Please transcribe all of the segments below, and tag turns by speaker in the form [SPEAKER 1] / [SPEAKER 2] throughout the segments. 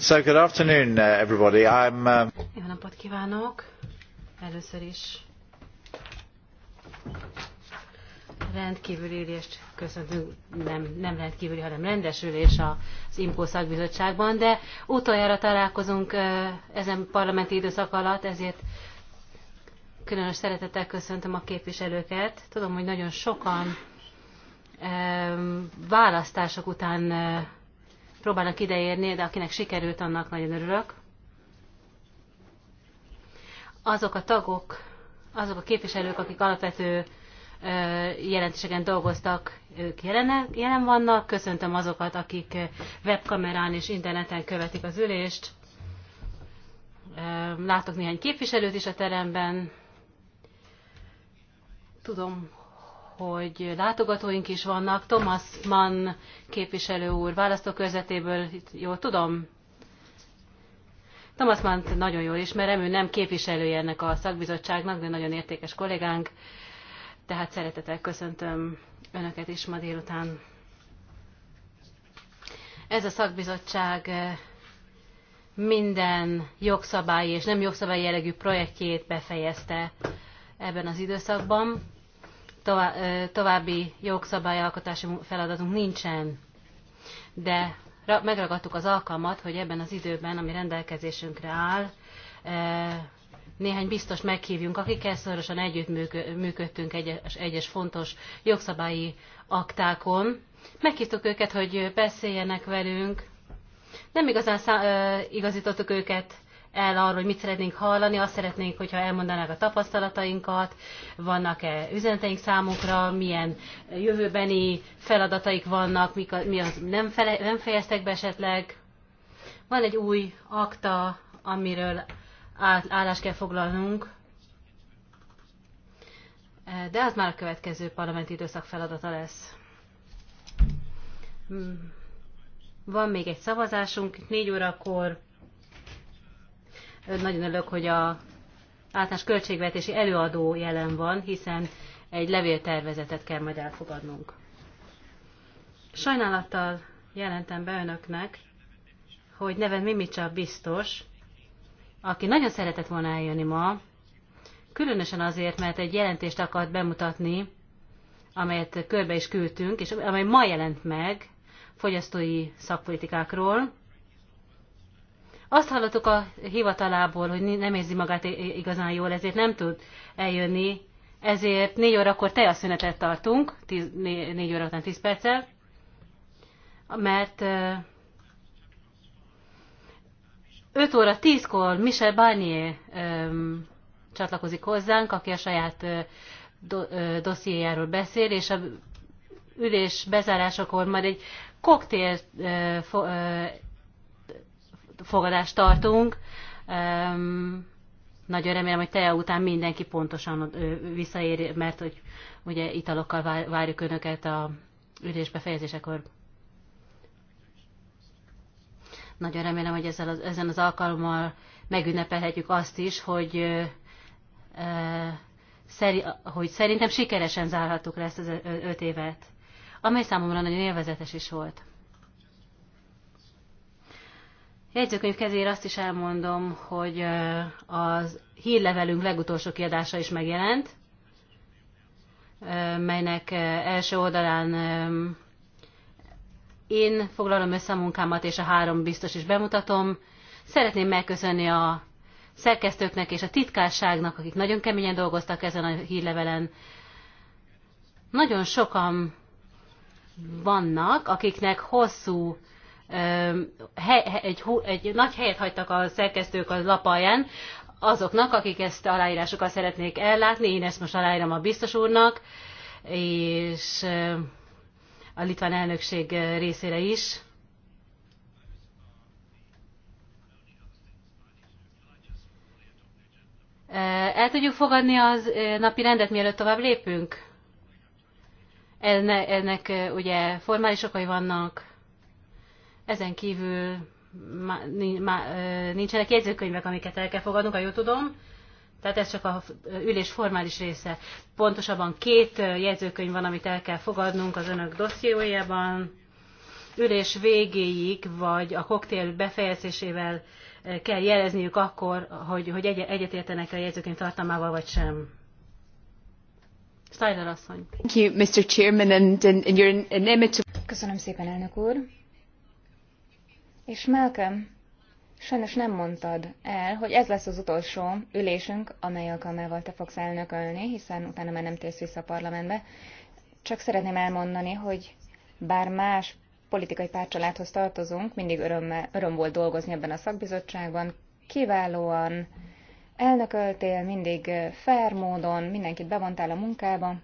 [SPEAKER 1] So
[SPEAKER 2] good afternoon, uh, everybody. I'm, uh... Jó napot kívánok! Először is rendkívül ülést köszöntünk, nem, nem rendkívüli, hanem rendes ülés az IMCO szakbizottságban, de utoljára találkozunk ezen parlamenti időszak alatt, ezért különös szeretettel köszöntöm a képviselőket. Tudom, hogy nagyon sokan választások után próbálnak ideérni, de akinek sikerült, annak nagyon örülök. Azok a tagok, azok a képviselők, akik alapvető jelentéseken dolgoztak, ők jelen, jelen vannak. Köszöntöm azokat, akik webkamerán és interneten követik az ülést. Látok néhány képviselőt is a teremben. Tudom, hogy látogatóink is vannak. Thomas Mann képviselő úr választókörzetéből, jól tudom? Thomas Mann nagyon jól ismerem, ő nem képviselője ennek a szakbizottságnak, de nagyon értékes kollégánk. Tehát szeretettel köszöntöm Önöket is ma délután. Ez a szakbizottság eh, minden jogszabályi és nem jogszabályi jellegű projektjét befejezte ebben az időszakban további jogszabályalkotási feladatunk nincsen, de megragadtuk az alkalmat, hogy ebben az időben, ami rendelkezésünkre áll, néhány biztos meghívjunk, akikkel szorosan együttműködtünk egyes, egyes fontos jogszabályi aktákon. Meghívtuk őket, hogy beszéljenek velünk. Nem igazán szá- igazítottuk őket el arról, hogy mit szeretnénk hallani, azt szeretnénk, hogyha elmondanák a tapasztalatainkat, vannak-e üzeneteink számukra, milyen jövőbeni feladataik vannak, mik a, mi az nem, fele, nem fejeztek be esetleg. Van egy új akta, amiről állást kell foglalnunk, de az már a következő parlamenti időszak feladata lesz. Hmm. Van még egy szavazásunk, 4 órakor nagyon örülök, hogy a általános költségvetési előadó jelen van, hiszen egy levéltervezetet kell majd elfogadnunk. Sajnálattal jelentem be önöknek, hogy neven Mimicsa biztos, aki nagyon szeretett volna eljönni ma, különösen azért, mert egy jelentést akart bemutatni, amelyet körbe is küldtünk, és amely ma jelent meg fogyasztói szakpolitikákról. Azt hallottuk a hivatalából, hogy nem érzi magát igazán jól, ezért nem tud eljönni, ezért négy órakor szünetet tartunk, tíz, né, négy óra után tíz perccel, mert ö, óra tízkor Michel Barnier öm, csatlakozik hozzánk, aki a saját ö, do, ö, dossziéjáról beszél, és a ülés bezárásakor majd egy koktél fogadást tartunk. Nagyon remélem, hogy teje után mindenki pontosan visszaér, mert hogy ugye italokkal várjuk önöket a ülésbefejezésekor. Nagyon remélem, hogy ezzel az, ezen az alkalommal megünnepelhetjük azt is, hogy, ö, szeri, hogy szerintem sikeresen zárhattuk le ezt az öt évet, amely számomra nagyon élvezetes is volt jegyzőkönyv kezére azt is elmondom, hogy a hírlevelünk legutolsó kiadása is megjelent, melynek első oldalán én foglalom össze a munkámat, és a három biztos is bemutatom. Szeretném megköszönni a szerkesztőknek és a titkárságnak, akik nagyon keményen dolgoztak ezen a hírlevelen. Nagyon sokan vannak, akiknek hosszú egy, egy nagy helyet hagytak a szerkesztők a lapaján, azoknak, akik ezt aláírásokat szeretnék ellátni, én ezt most aláírom a biztos úrnak, és a litván elnökség részére is. El tudjuk fogadni az napi rendet, mielőtt tovább lépünk? Ennek, ennek ugye formális okai vannak. Ezen kívül nincsenek jegyzőkönyvek, amiket el kell fogadnunk, ha jól tudom. Tehát ez csak a ülés formális része. Pontosabban két jegyzőkönyv van, amit el kell fogadnunk az önök dossziójában. Ülés végéig, vagy a koktél befejezésével kell jelezniük akkor, hogy, hogy egy, egyetértenek a jegyzőkönyv tartalmával, vagy sem. Steiner asszony.
[SPEAKER 3] Köszönöm szépen, elnök úr. És Malcolm, sajnos nem mondtad el, hogy ez lesz az utolsó ülésünk, amely alkalmával te fogsz elnökölni, hiszen utána már nem térsz vissza a parlamentbe. Csak szeretném elmondani, hogy bár más politikai párcsaládhoz tartozunk, mindig örömmel, öröm volt dolgozni ebben a szakbizottságban, kiválóan elnököltél, mindig fair módon, mindenkit bevontál a munkába.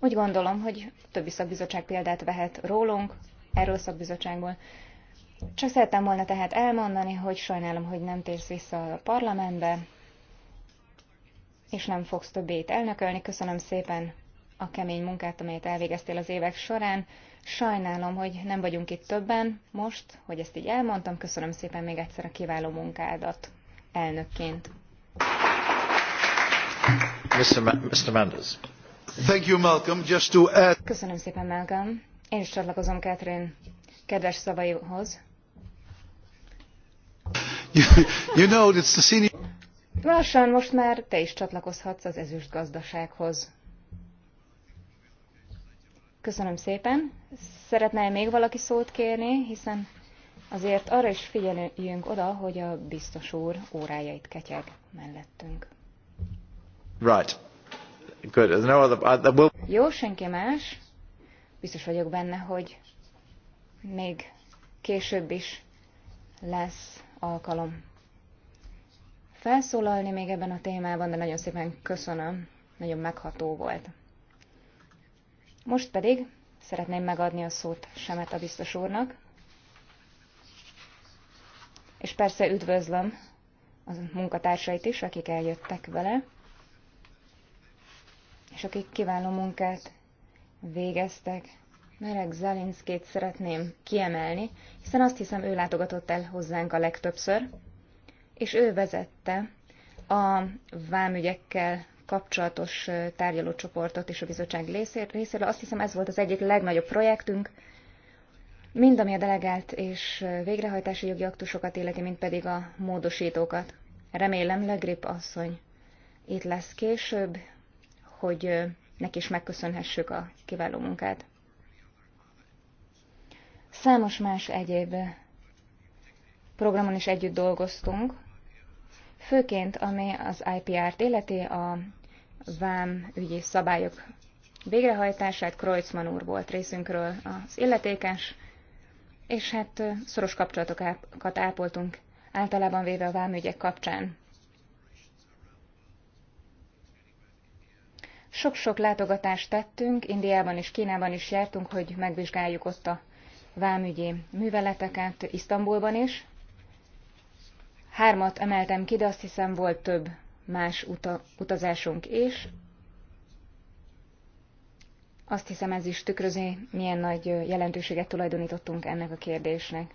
[SPEAKER 3] Úgy gondolom, hogy többi szakbizottság példát vehet rólunk, erről szakbizottságból. Csak szerettem volna tehát elmondani, hogy sajnálom, hogy nem térsz vissza a parlamentbe, és nem fogsz többé itt elnökölni. Köszönöm szépen a kemény munkát, amelyet elvégeztél az évek során. Sajnálom, hogy nem vagyunk itt többen most, hogy ezt így elmondtam. Köszönöm szépen még egyszer a kiváló munkádat elnökként.
[SPEAKER 1] Mr. Ma Mr. Manders.
[SPEAKER 3] Thank you, Malcolm. Just to add... Köszönöm szépen, Malcolm. Én is csatlakozom Catherine kedves szavaihoz.
[SPEAKER 1] you know, it's the senior...
[SPEAKER 3] Lassan most már te is csatlakozhatsz az ezüst gazdasághoz. Köszönöm szépen. Szeretne -e még valaki szót kérni, hiszen azért arra is figyeljünk oda, hogy a biztos úr órájait ketyeg mellettünk. Right. Good. no other... uh, we'll... Jó, senki más. Biztos vagyok benne, hogy még később is lesz alkalom felszólalni még ebben a témában, de nagyon szépen köszönöm, nagyon megható volt. Most pedig szeretném megadni a szót Semet a biztos úrnak, és persze üdvözlöm a munkatársait is, akik eljöttek vele, és akik kiváló munkát végeztek Merek Zelinszkét szeretném kiemelni, hiszen azt hiszem ő látogatott el hozzánk a legtöbbször, és ő vezette a vámügyekkel kapcsolatos tárgyalócsoportot és a bizottság részéről. Azt hiszem ez volt az egyik legnagyobb projektünk, mind ami a delegált és végrehajtási jogi aktusokat illeti, mint pedig a módosítókat. Remélem Legrip asszony itt lesz később, hogy neki is megköszönhessük a kiváló munkát. Számos más egyéb programon is együtt dolgoztunk, főként ami az IPR-t illeti, a vám ügyi szabályok végrehajtását Kreuzmann úr volt részünkről az illetékes, és hát szoros kapcsolatokat ápoltunk általában véve a vámügyek kapcsán. Sok-sok látogatást tettünk, Indiában és Kínában is jártunk, hogy megvizsgáljuk ott a vámügyi műveleteket Isztambulban is. Hármat emeltem ki, de azt hiszem volt több más uta, utazásunk is. Azt hiszem ez is tükrözi, milyen nagy jelentőséget tulajdonítottunk ennek a kérdésnek.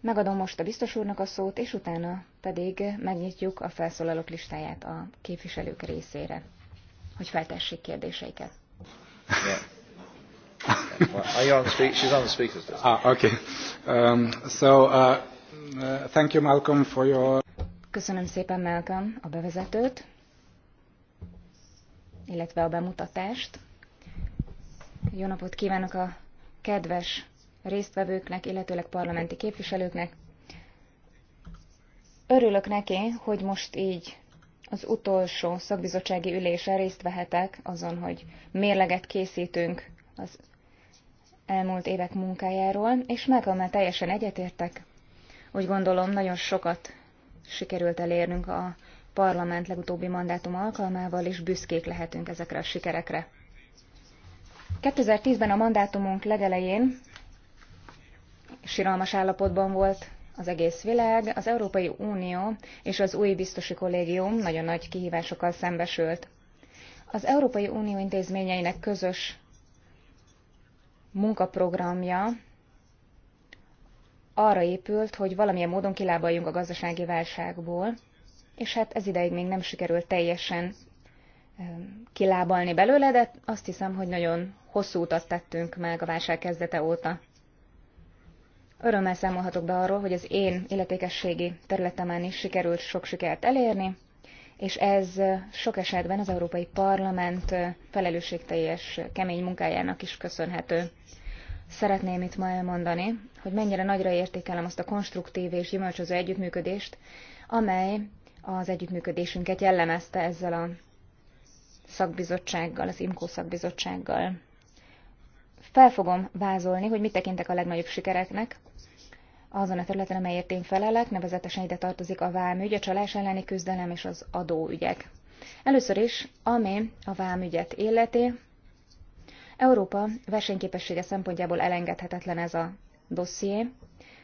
[SPEAKER 3] Megadom most a biztos úrnak a szót, és utána pedig megnyitjuk a felszólalók listáját a képviselők részére, hogy feltessék kérdéseiket. Yeah.
[SPEAKER 1] Are you on speak? She's on the Ah, okay. Um, so, uh, uh, thank you, Malcolm, for your...
[SPEAKER 3] Köszönöm szépen, Malcolm, a bevezetőt, illetve a bemutatást. Jó napot kívánok a kedves résztvevőknek, illetőleg parlamenti képviselőknek. Örülök neki, hogy most így az utolsó szakbizottsági ülésen részt vehetek azon, hogy mérleget készítünk az elmúlt évek munkájáról, és Michael teljesen egyetértek. Úgy gondolom, nagyon sokat sikerült elérnünk a parlament legutóbbi mandátum alkalmával, és büszkék lehetünk ezekre a sikerekre. 2010-ben a mandátumunk legelején siralmas állapotban volt az egész világ, az Európai Unió és az új biztosi kollégium nagyon nagy kihívásokkal szembesült. Az Európai Unió intézményeinek közös munkaprogramja arra épült, hogy valamilyen módon kilábaljunk a gazdasági válságból, és hát ez ideig még nem sikerült teljesen kilábalni belőle, de azt hiszem, hogy nagyon hosszú utat tettünk meg a válság kezdete óta. Örömmel számolhatok be arról, hogy az én illetékességi területemen is sikerült sok sikert elérni, és ez sok esetben az Európai Parlament felelősségteljes kemény munkájának is köszönhető. Szeretném itt ma elmondani, hogy mennyire nagyra értékelem azt a konstruktív és gyümölcsöző együttműködést, amely az együttműködésünket jellemezte ezzel a szakbizottsággal, az IMCO szakbizottsággal. Fel fogom vázolni, hogy mit tekintek a legnagyobb sikereknek, azon a területen, amelyért én felelek, nevezetesen ide tartozik a vámügy, a csalás elleni küzdelem és az adóügyek. Először is, ami a vámügyet illeti, Európa versenyképessége szempontjából elengedhetetlen ez a dosszié,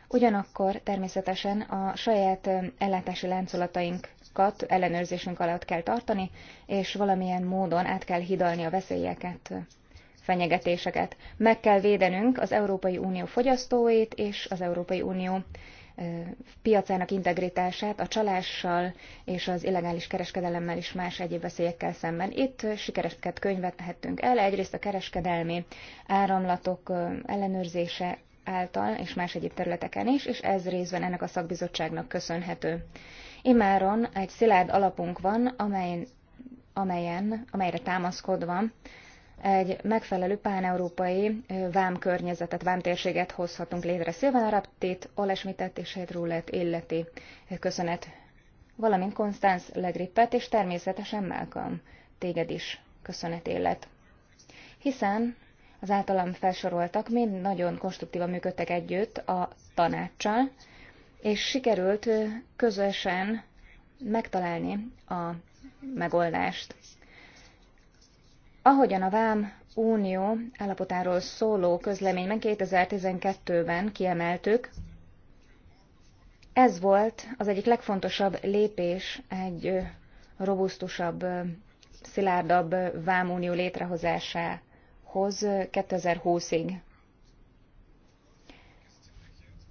[SPEAKER 3] ugyanakkor természetesen a saját ellátási láncolatainkat ellenőrzésünk alatt kell tartani, és valamilyen módon át kell hidalni a veszélyeket, fenyegetéseket. Meg kell védenünk az Európai Unió fogyasztóit és az Európai Unió piacának integritását a csalással és az illegális kereskedelemmel is más egyéb veszélyekkel szemben. Itt sikereket könyvethettünk el, egyrészt a kereskedelmi áramlatok ellenőrzése által és más egyéb területeken is, és ez részben ennek a szakbizottságnak köszönhető. Imáron egy szilárd alapunk van, amelyen, amelyen, amelyre támaszkodva egy megfelelő páneurópai vámkörnyezetet, vámtérséget hozhatunk létre. Szilván Araptit, Olesmitet és Hedrulet illeti köszönet, valamint Konstanz Legrippet és természetesen Malcolm téged is köszönet illet. Hiszen az általam felsoroltak mind nagyon konstruktívan működtek együtt a tanácssal, és sikerült közösen megtalálni a megoldást. Ahogyan a Vám Unió állapotáról szóló közleményben 2012-ben kiemeltük, ez volt az egyik legfontosabb lépés egy robusztusabb, szilárdabb Vám Unió létrehozásához 2020-ig.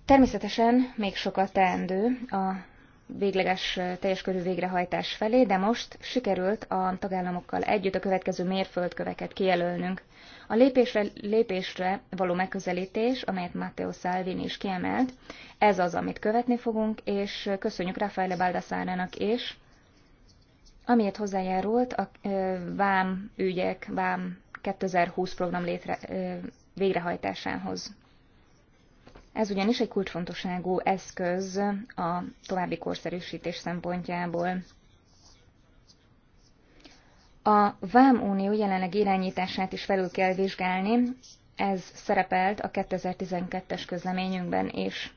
[SPEAKER 3] Természetesen még sokat teendő a végleges teljes körű végrehajtás felé, de most sikerült a tagállamokkal együtt a következő mérföldköveket kijelölnünk. A lépésre, lépésre való megközelítés, amelyet Matteo Salvini is kiemelt, ez az, amit követni fogunk, és köszönjük Rafaele Baldassárának is, amiért hozzájárult a vám ügyek, vám 2020 program létre, végrehajtásához. Ez ugyanis egy kulcsfontosságú eszköz a további korszerűsítés szempontjából. A Vámunió jelenleg irányítását is felül kell vizsgálni, ez szerepelt a 2012-es közleményünkben is.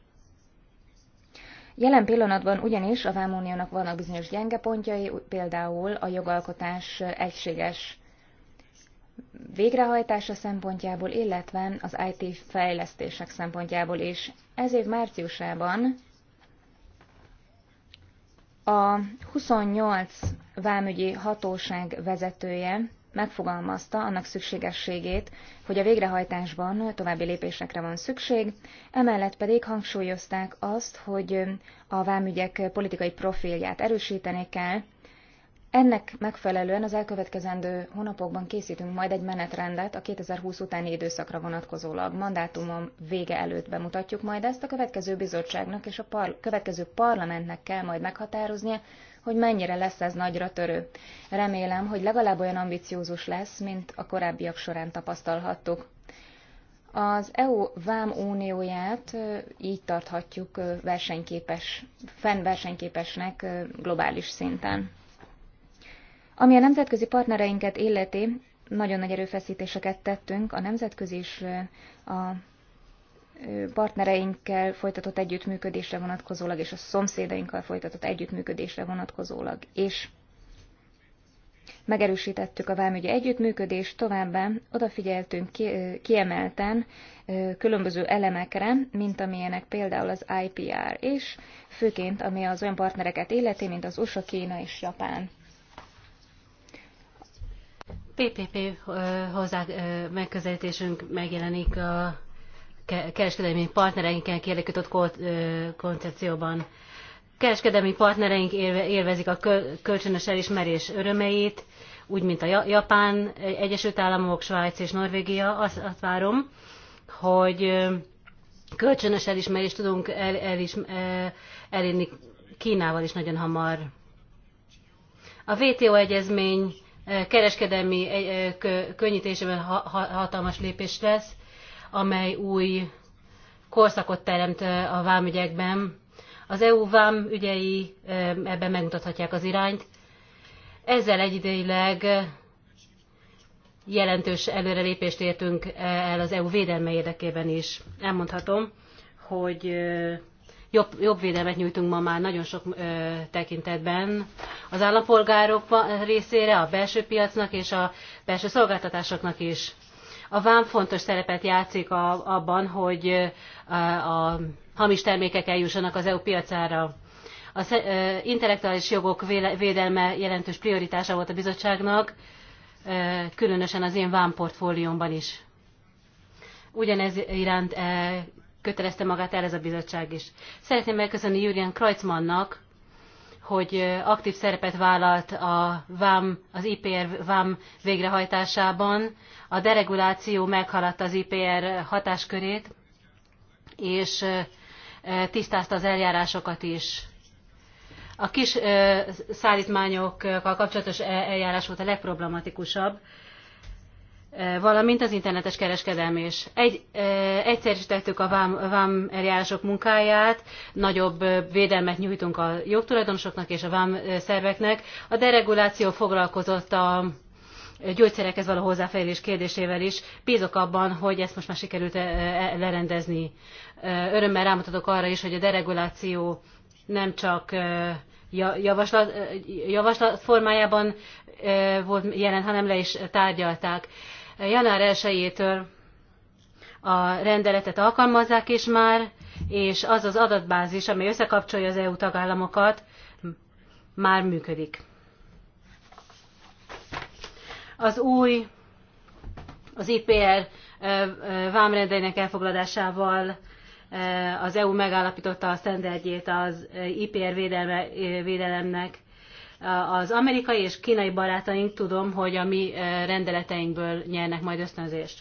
[SPEAKER 3] Jelen pillanatban ugyanis a Vámuniónak vannak bizonyos gyenge pontjai, például a jogalkotás egységes végrehajtása szempontjából, illetve az IT fejlesztések szempontjából is. Ez év márciusában a 28 vámügyi hatóság vezetője megfogalmazta annak szükségességét, hogy a végrehajtásban további lépésekre van szükség, emellett pedig hangsúlyozták azt, hogy a vámügyek politikai profilját erősíteni kell, ennek megfelelően az elkövetkezendő hónapokban készítünk majd egy menetrendet a 2020 utáni időszakra vonatkozólag. Mandátumom vége előtt bemutatjuk majd ezt, a következő bizottságnak és a par- következő parlamentnek kell majd meghatároznia, hogy mennyire lesz ez nagyra törő. Remélem, hogy legalább olyan ambiciózus lesz, mint a korábbiak során tapasztalhattuk. Az EU vám unióját így tarthatjuk versenyképes, fennversenyképesnek globális szinten. Ami a nemzetközi partnereinket illeti, nagyon nagy erőfeszítéseket tettünk a nemzetközi és a partnereinkkel folytatott együttműködésre vonatkozólag, és a szomszédainkkal folytatott együttműködésre vonatkozólag és Megerősítettük a vámügyi együttműködést, továbbá odafigyeltünk kiemelten különböző elemekre, mint amilyenek például az IPR, és főként ami az olyan partnereket illeti, mint az USA, Kína és Japán.
[SPEAKER 2] PPP hozzá megközelítésünk megjelenik a kereskedelmi partnereinken kialakított koncepcióban. Kereskedelmi partnereink élvezik a kölcsönös elismerés örömeit, úgy, mint a Japán, Egyesült Államok, Svájc és Norvégia. Azt, azt várom, hogy kölcsönös elismerést tudunk el, is, e, elérni Kínával is nagyon hamar. A WTO egyezmény kereskedelmi eh, könnyítésében hatalmas lépés lesz, amely új korszakot teremt eh, a vámügyekben. Az EU vám ügyei eh, ebben megmutathatják az irányt. Ezzel egyidejűleg jelentős előrelépést értünk el az EU védelme érdekében is. Elmondhatom, hogy jobb, jobb védelmet nyújtunk ma már nagyon sok ö, tekintetben az állampolgárok részére, a belső piacnak és a belső szolgáltatásoknak is. A vám fontos szerepet játszik a, abban, hogy a, a hamis termékek eljussanak az EU piacára. Az ö, intellektuális jogok védelme jelentős prioritása volt a bizottságnak, ö, különösen az én vám portfóliómban is ugyanez iránt kötelezte magát el ez a bizottság is. Szeretném megköszönni Julian Kreutzmannnak, hogy aktív szerepet vállalt a VAM, az IPR VAM végrehajtásában. A dereguláció meghaladta az IPR hatáskörét, és tisztázta az eljárásokat is. A kis szállítmányokkal kapcsolatos e-, eljárás volt a legproblematikusabb, Eh, valamint az internetes kereskedelm is. Egy, eh, egyszerűsítettük a vám, vám eljárások munkáját, nagyobb eh, védelmet nyújtunk a jogtulajdonosoknak és a vám szerveknek. A dereguláció foglalkozott a gyógyszerekhez való hozzáférés kérdésével is. Bízok abban, hogy ezt most már sikerült lerendezni. Örömmel rámutatok arra is, hogy a dereguláció nem csak javaslat, javaslat formájában volt jelen, hanem le is tárgyalták. Január 1-től a rendeletet alkalmazzák is már, és az az adatbázis, ami összekapcsolja az EU tagállamokat, már működik. Az új, az IPR vámrendeinek elfogadásával az EU megállapította a sztenderdjét az IPR védelme, védelemnek, az amerikai és kínai barátaink tudom, hogy a mi eh, rendeleteinkből nyernek majd ösztönzést.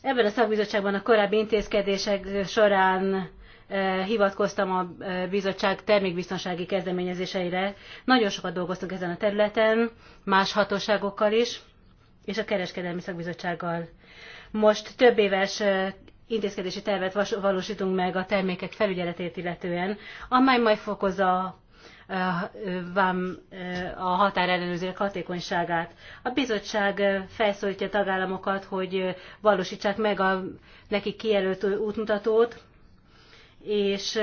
[SPEAKER 2] Ebben a szakbizottságban a korábbi intézkedések során eh, hivatkoztam a eh, bizottság termékbiztonsági kezdeményezéseire. Nagyon sokat dolgoztunk ezen a területen, más hatóságokkal is, és a kereskedelmi szakbizottsággal. Most több éves intézkedési tervet valósítunk meg a termékek felügyeletét illetően, amely majd fokozza vám eh, a határellenőrzők hatékonyságát. A bizottság eh, felszólítja tagállamokat, hogy eh, valósítsák meg a nekik kijelölt útmutatót, és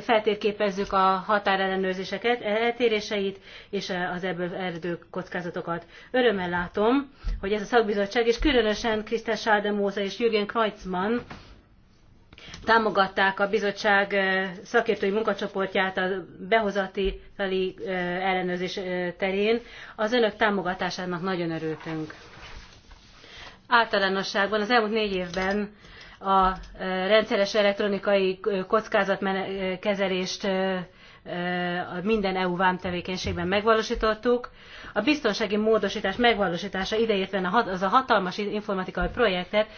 [SPEAKER 2] feltérképezzük a határellenőrzések eltéréseit és az ebből eredő kockázatokat. Örömmel látom, hogy ez a szakbizottság, és különösen Krisztel Sáldemóza és Jürgen Kreutzmann támogatták a bizottság szakértői munkacsoportját a behozatali ellenőrzés terén. Az önök támogatásának nagyon örültünk. Általánosságban az elmúlt négy évben a rendszeres elektronikai kockázatkezelést minden EU vám tevékenységben megvalósítottuk a biztonsági módosítás megvalósítása ideértve az a hatalmas informatikai projektet,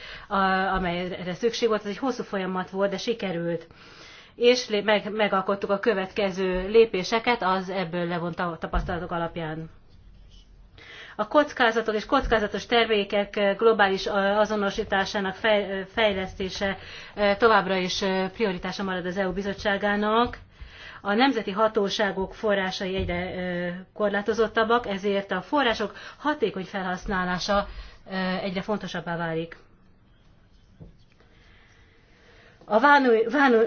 [SPEAKER 2] amelyre szükség volt, ez egy hosszú folyamat volt, de sikerült és meg, megalkottuk a következő lépéseket az ebből levont tapasztalatok alapján. A kockázatok és kockázatos termékek globális azonosításának fejlesztése továbbra is prioritása marad az EU bizottságának a nemzeti hatóságok forrásai egyre korlátozottabbak, ezért a források hatékony felhasználása egyre fontosabbá válik. A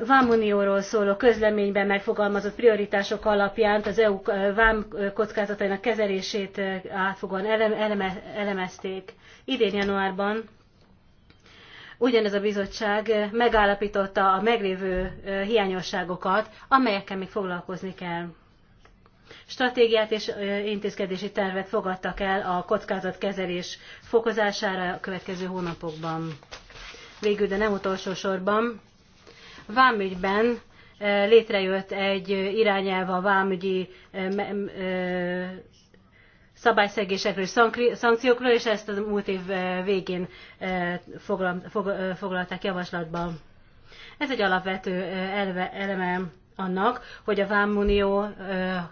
[SPEAKER 2] Vámunióról szóló közleményben megfogalmazott prioritások alapján az EU vám kockázatainak kezelését átfogóan elemezték. Idén januárban ugyanez a bizottság eh, megállapította a meglévő eh, hiányosságokat, amelyekkel még foglalkozni kell. Stratégiát és eh, intézkedési tervet fogadtak el a kockázatkezelés fokozására a következő hónapokban. Végül, de nem utolsó sorban, vámügyben létrejött egy irányelv a vámügyi szabályszegésekről, szankciókról, és ezt a múlt év végén foglalták javaslatba. Ez egy alapvető elve, eleme annak, hogy a Vámunió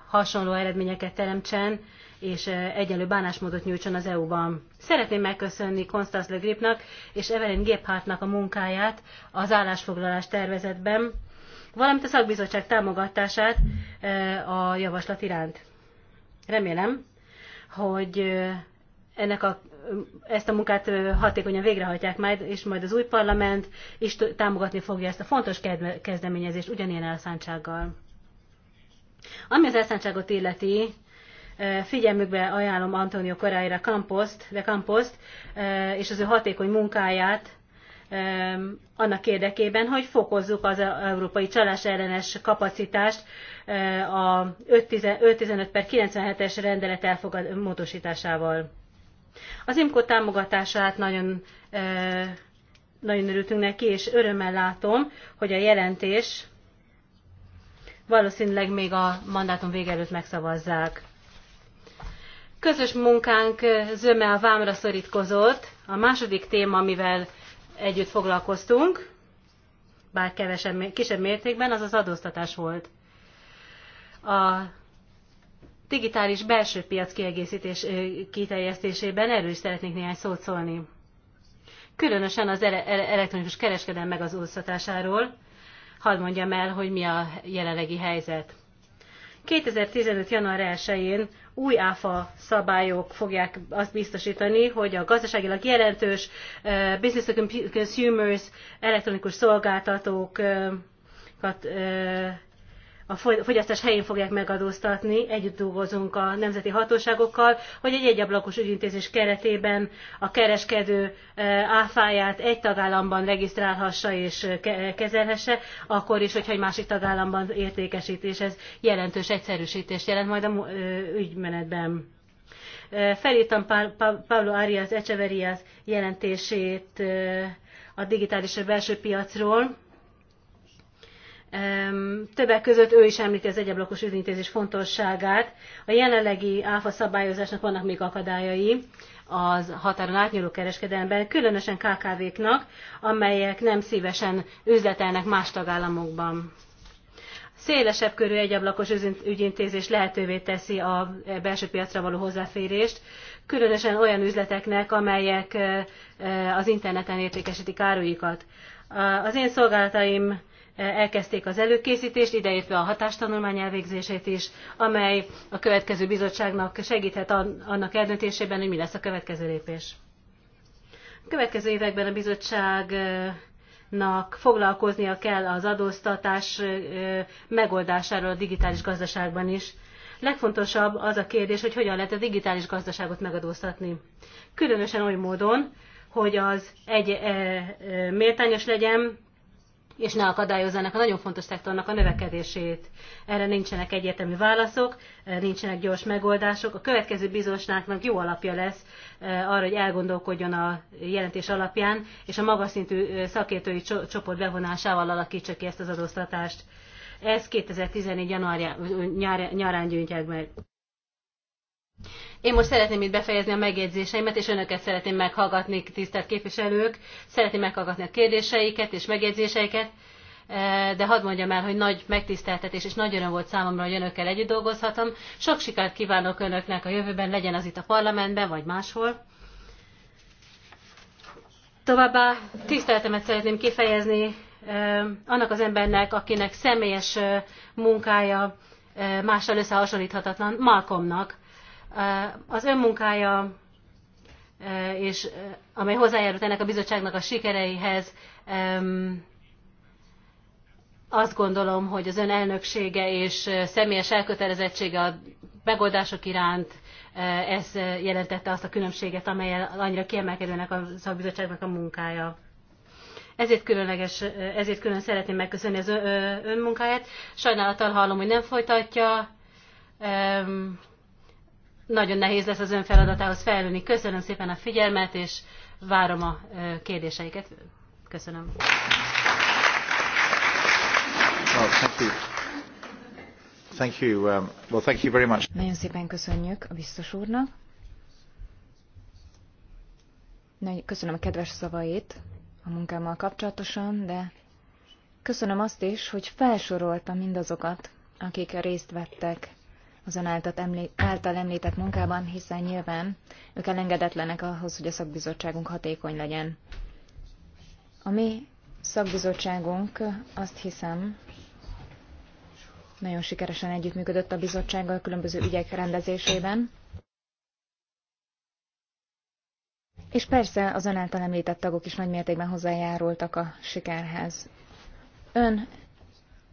[SPEAKER 2] hasonló eredményeket teremtsen, és egyenlő bánásmódot nyújtson az EU-ban. Szeretném megköszönni Konstanz Le Gripnak és Evelyn Gephardtnak a munkáját az állásfoglalás tervezetben, valamint a szakbizottság támogatását a javaslat iránt. Remélem, hogy ennek a, ezt a munkát hatékonyan végrehajtják majd, és majd az új parlament is támogatni fogja ezt a fontos kezdeményezést ugyanilyen elszántsággal. Ami az elszántságot illeti, figyelmükbe ajánlom Antonio Correira Campost, de Campost, és az ő hatékony munkáját, annak érdekében, hogy fokozzuk az e- európai csalás ellenes kapacitást e, a 515 per 97-es rendelet elfogad módosításával. Az IMCO támogatását nagyon, e, nagyon örültünk neki, és örömmel látom, hogy a jelentés valószínűleg még a mandátum vége előtt megszavazzák. Közös munkánk zöme a vámra szorítkozott. A második téma, amivel együtt foglalkoztunk, bár kevesebb, kisebb mértékben, az az adóztatás volt. A digitális belső piac kiegészítés kiterjesztésében erről is szeretnék néhány szót szólni. Különösen az elektronikus kereskedelem megazóztatásáról, hadd mondjam el, hogy mi a jelenlegi helyzet. 2015. január 1-én új áfa szabályok fogják azt biztosítani, hogy a gazdaságilag jelentős eh, business to consumers elektronikus szolgáltatókat eh, a fogyasztás helyén fogják megadóztatni, együtt dolgozunk a nemzeti hatóságokkal, hogy egy egyablakos ügyintézés keretében a kereskedő e, áfáját egy tagállamban regisztrálhassa és e, kezelhesse, akkor is, hogyha egy másik tagállamban értékesítés, és ez jelentős egyszerűsítést jelent majd a e, ügymenetben. Felírtam Pablo Arias Echeverias jelentését a digitális belső piacról, Többek között ő is említi az egyablakos ügyintézés fontosságát. A jelenlegi áfa szabályozásnak vannak még akadályai az határon átnyúló kereskedelemben, különösen KKV-knak, amelyek nem szívesen üzletelnek más tagállamokban. Szélesebb körű egyablakos ügyintézés lehetővé teszi a belső piacra való hozzáférést, különösen olyan üzleteknek, amelyek eh, az interneten értékesítik áruikat. Az én szolgálataim elkezdték az előkészítést, ideértve a hatástanulmány elvégzését is, amely a következő bizottságnak segíthet annak eldöntésében, hogy mi lesz a következő lépés. A következő években a bizottságnak foglalkoznia kell az adóztatás megoldásáról a digitális gazdaságban is. Legfontosabb az a kérdés, hogy hogyan lehet a digitális gazdaságot megadóztatni. Különösen oly módon, hogy az egy e, e, méltányos legyen, és ne akadályozzanak a nagyon fontos szektornak a növekedését. Erre nincsenek egyértelmű válaszok, eh, nincsenek gyors megoldások. A következő bizottságnak jó alapja lesz eh, arra, hogy elgondolkodjon a jelentés alapján, és a magas szintű eh, szakértői csoport bevonásával alakítsa ki ezt az adóztatást. ez 2014. Január, nyár, nyarán gyűjtják meg. Én most szeretném itt befejezni a megjegyzéseimet, és önöket szeretném meghallgatni, tisztelt képviselők. Szeretném meghallgatni a kérdéseiket és megjegyzéseiket, e, de hadd mondjam el, hogy nagy megtiszteltetés és nagy öröm volt számomra, hogy önökkel együtt dolgozhatom. Sok sikert kívánok önöknek a jövőben, legyen az itt a parlamentben, vagy máshol. Továbbá tiszteletemet szeretném kifejezni e, annak az embernek, akinek személyes e, munkája mással összehasonlíthatatlan, Malcolmnak, az önmunkája, és amely hozzájárult ennek a bizottságnak a sikereihez, azt gondolom, hogy az ön elnöksége és személyes elkötelezettsége a megoldások iránt ez jelentette azt a különbséget, amellyel annyira kiemelkedőnek a bizottságnak a munkája. Ezért, különleges, ezért külön szeretném megköszönni az önmunkáját. Sajnálattal hallom, hogy nem folytatja nagyon nehéz lesz az ön feladatához felülni. Köszönöm szépen a figyelmet, és várom a kérdéseiket. Köszönöm.
[SPEAKER 3] Um, nagyon szépen köszönjük a biztos úrnak. Köszönöm a kedves szavait a munkámmal kapcsolatosan, de köszönöm azt is, hogy felsorolta mindazokat, akik részt vettek azon által említett munkában, hiszen nyilván ők elengedetlenek ahhoz, hogy a szakbizottságunk hatékony legyen. A mi szakbizottságunk azt hiszem nagyon sikeresen együttműködött a bizottsággal különböző ügyek rendezésében. És persze az ön által említett tagok is nagymértékben hozzájárultak a sikerhez. Ön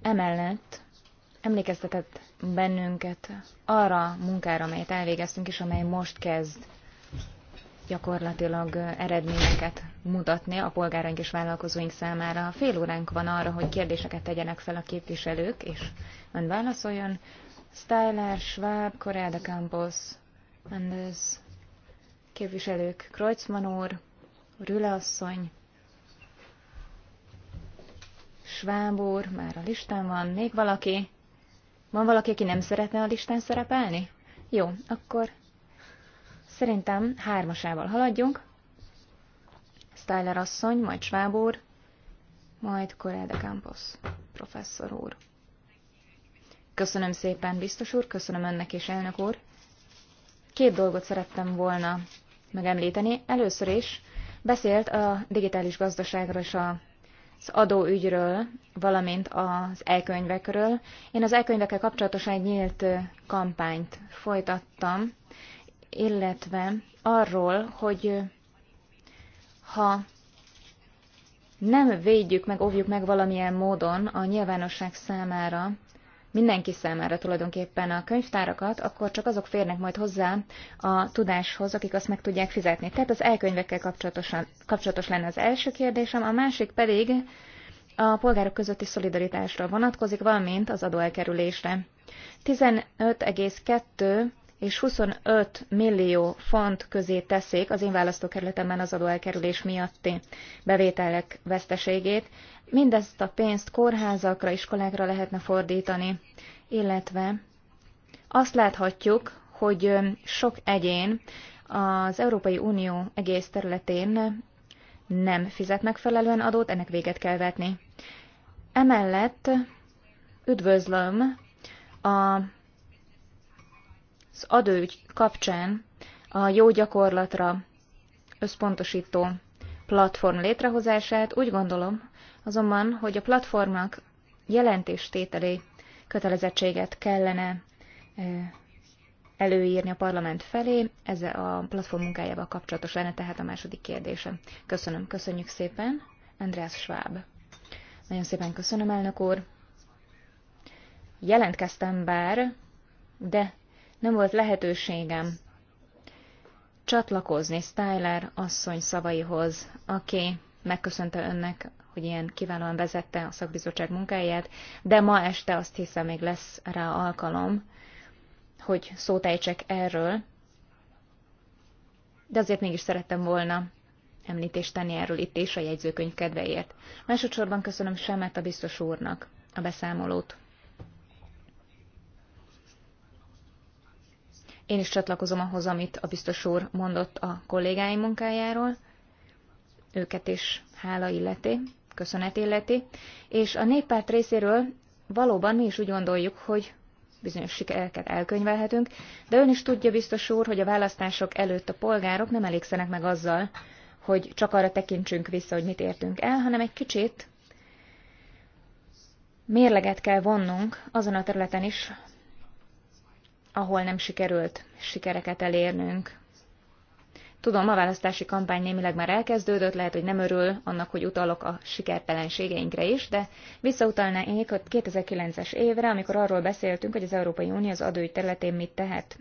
[SPEAKER 3] emellett emlékeztetett bennünket arra a munkára, amelyet elvégeztünk, és amely most kezd gyakorlatilag eredményeket mutatni a polgáraink és vállalkozóink számára. Fél óránk van arra, hogy kérdéseket tegyenek fel a képviselők, és ön válaszoljon. Styler, Schwab, Correa de Campos, Anders, képviselők, Kreuzmann úr, Rüle asszony, Schwab úr, már a listán van, még valaki, van valaki, aki nem szeretne a listán szerepelni? Jó, akkor szerintem hármasával haladjunk. Styler asszony, majd Schwab úr, majd Coráda Campos professzor úr. Köszönöm szépen, biztos úr, köszönöm önnek és elnök úr. Két dolgot szerettem volna megemlíteni. Először is beszélt a digitális gazdaságról és a az adóügyről, valamint az elkönyvekről. Én az elkönyvekkel kapcsolatosan egy nyílt kampányt folytattam, illetve arról, hogy ha nem védjük meg, óvjuk meg valamilyen módon a nyilvánosság számára mindenki számára tulajdonképpen a könyvtárakat, akkor csak azok férnek majd hozzá a tudáshoz, akik azt meg tudják fizetni. Tehát az elkönyvekkel kapcsolatosan, kapcsolatos lenne az első kérdésem, a másik pedig a polgárok közötti szolidaritásra vonatkozik, valamint az adóelkerülésre. 15,2 és 25 millió font közé teszik az én választókerületemben az adóelkerülés miatti bevételek veszteségét, Mindezt a pénzt kórházakra, iskolákra lehetne fordítani, illetve azt láthatjuk, hogy sok egyén az Európai Unió egész területén nem fizet megfelelően adót, ennek véget kell vetni. Emellett üdvözlöm a, az adőgy kapcsán a jó gyakorlatra összpontosító platform létrehozását. Úgy gondolom, azonban, hogy a platformnak jelentéstételi kötelezettséget kellene előírni a parlament felé. Ez a platform munkájával kapcsolatos lenne tehát a második kérdése. Köszönöm, köszönjük szépen. András Schwab. Nagyon szépen köszönöm, elnök úr. Jelentkeztem bár, de nem volt lehetőségem csatlakozni Styler asszony szavaihoz, aki megköszönte önnek hogy ilyen kiválóan vezette a szakbizottság munkáját, de ma este azt hiszem még lesz rá alkalom, hogy szót ejtsek erről, de azért mégis szerettem volna említést tenni erről itt és a jegyzőkönyv kedvéért. Másodszorban köszönöm Semet a biztos úrnak a beszámolót. Én is csatlakozom ahhoz, amit a biztos úr mondott a kollégáim munkájáról. Őket is hála illeti köszönet illeti, és a néppárt részéről valóban mi is úgy gondoljuk, hogy bizonyos sikereket elkönyvelhetünk, de ön is tudja biztos úr, hogy a választások előtt a polgárok nem elégszenek meg azzal, hogy csak arra tekintsünk vissza, hogy mit értünk el, hanem egy kicsit mérleget kell vonnunk azon a területen is, ahol nem sikerült sikereket elérnünk. Tudom, a választási kampány némileg már elkezdődött, lehet, hogy nem örül annak, hogy utalok a sikertelenségeinkre is, de én, a 2009-es évre, amikor arról beszéltünk, hogy az Európai Unió az adóügy területén mit tehet.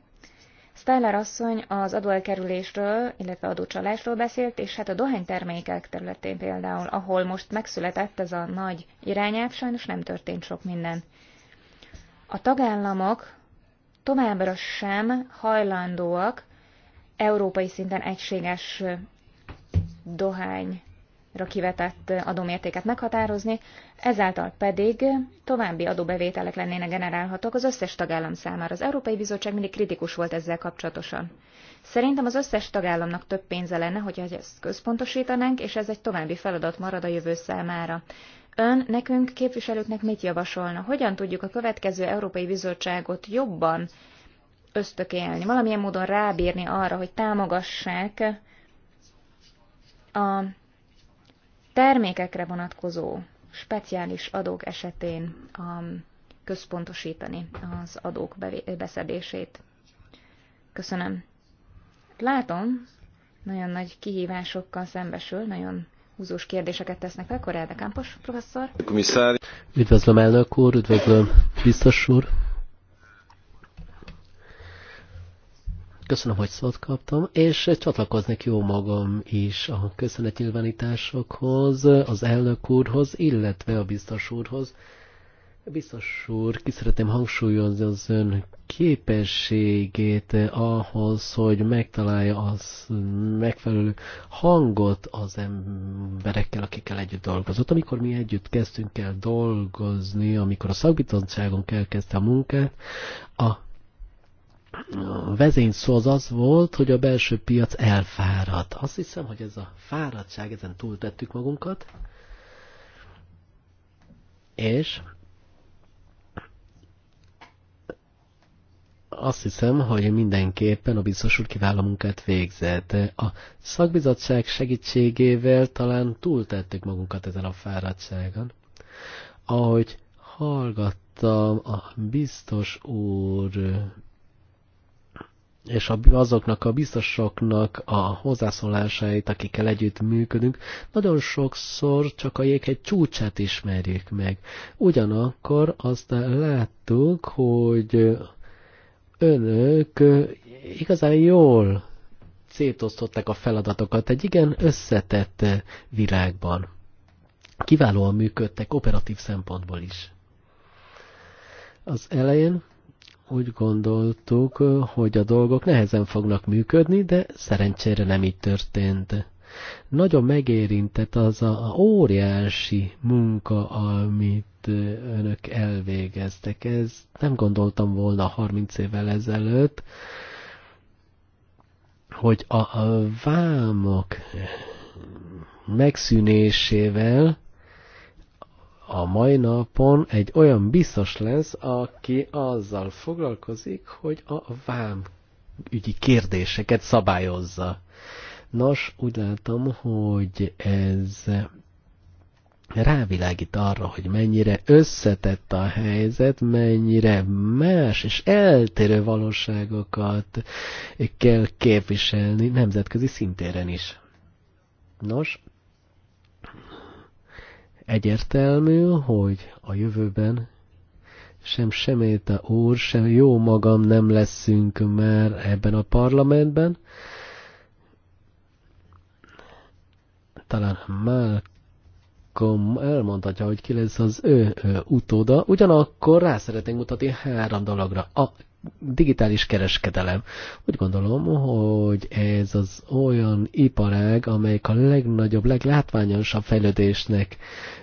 [SPEAKER 3] Steiner asszony az adóelkerülésről, illetve adócsalásról beszélt, és hát a dohánytermékek területén például, ahol most megszületett ez a nagy irányelv, sajnos nem történt sok minden. A tagállamok továbbra sem hajlandóak európai szinten egységes dohányra kivetett adómértéket meghatározni, ezáltal pedig további adóbevételek lennének generálhatók az összes tagállam számára. Az Európai Bizottság mindig kritikus volt ezzel kapcsolatosan. Szerintem az összes tagállamnak több pénze lenne, hogyha ezt központosítanánk, és ez egy további feladat marad a jövő számára. Ön nekünk képviselőknek mit javasolna? Hogyan tudjuk a következő Európai Bizottságot jobban ösztökélni, valamilyen módon rábírni arra, hogy támogassák a termékekre vonatkozó speciális adók esetén a központosítani az adók beszedését. Köszönöm. Látom, nagyon nagy kihívásokkal szembesül, nagyon húzós kérdéseket tesznek fel. Korea de Campos professzor.
[SPEAKER 1] Üdvözlöm elnök úr, üdvözlöm biztos úr. Köszönöm, hogy szót kaptam, és csatlakoznék jó magam is a köszönetnyilvánításokhoz, az elnök úrhoz, illetve a biztos úrhoz. Biztos úr, ki szeretném hangsúlyozni az ön képességét ahhoz, hogy megtalálja az megfelelő hangot az emberekkel, akikkel együtt dolgozott. Amikor mi együtt kezdtünk el dolgozni, amikor a szakbizottságon elkezdte a munkát, a a vezényszó az az volt, hogy a belső piac elfáradt. Azt hiszem, hogy ez a fáradtság, ezen túltettük magunkat, és azt hiszem, hogy mindenképpen a biztos úr kiváló munkát végzett. A szakbizottság segítségével talán túltettük magunkat ezen a fáradtságon. Ahogy hallgattam a biztos úr és azoknak a biztosoknak a hozzászólásait, akikkel együtt működünk, nagyon sokszor csak a jéghegy csúcsát ismerjük meg. Ugyanakkor azt láttuk, hogy önök igazán jól szétosztották a feladatokat egy igen összetett világban. Kiválóan működtek operatív szempontból is. Az elején úgy gondoltuk, hogy a dolgok nehezen fognak működni, de szerencsére nem így történt. Nagyon megérintett az a óriási munka, amit önök elvégeztek. Ez nem gondoltam volna 30 évvel ezelőtt, hogy a vámok megszűnésével a mai napon egy olyan biztos lesz, aki azzal foglalkozik, hogy a vám ügyi kérdéseket szabályozza. Nos, úgy látom, hogy ez rávilágít arra, hogy mennyire összetett a helyzet, mennyire más és eltérő valóságokat kell képviselni nemzetközi szintéren is. Nos, Egyértelmű, hogy a jövőben sem Seméta úr, sem jó magam nem leszünk már ebben a parlamentben. Talán Malcolm elmondhatja, hogy ki lesz az ő, ő utóda. Ugyanakkor rá szeretnénk mutatni három dologra. A digitális kereskedelem. Úgy gondolom, hogy ez az olyan iparág, amelyik a legnagyobb, leglátványosabb fejlődésnek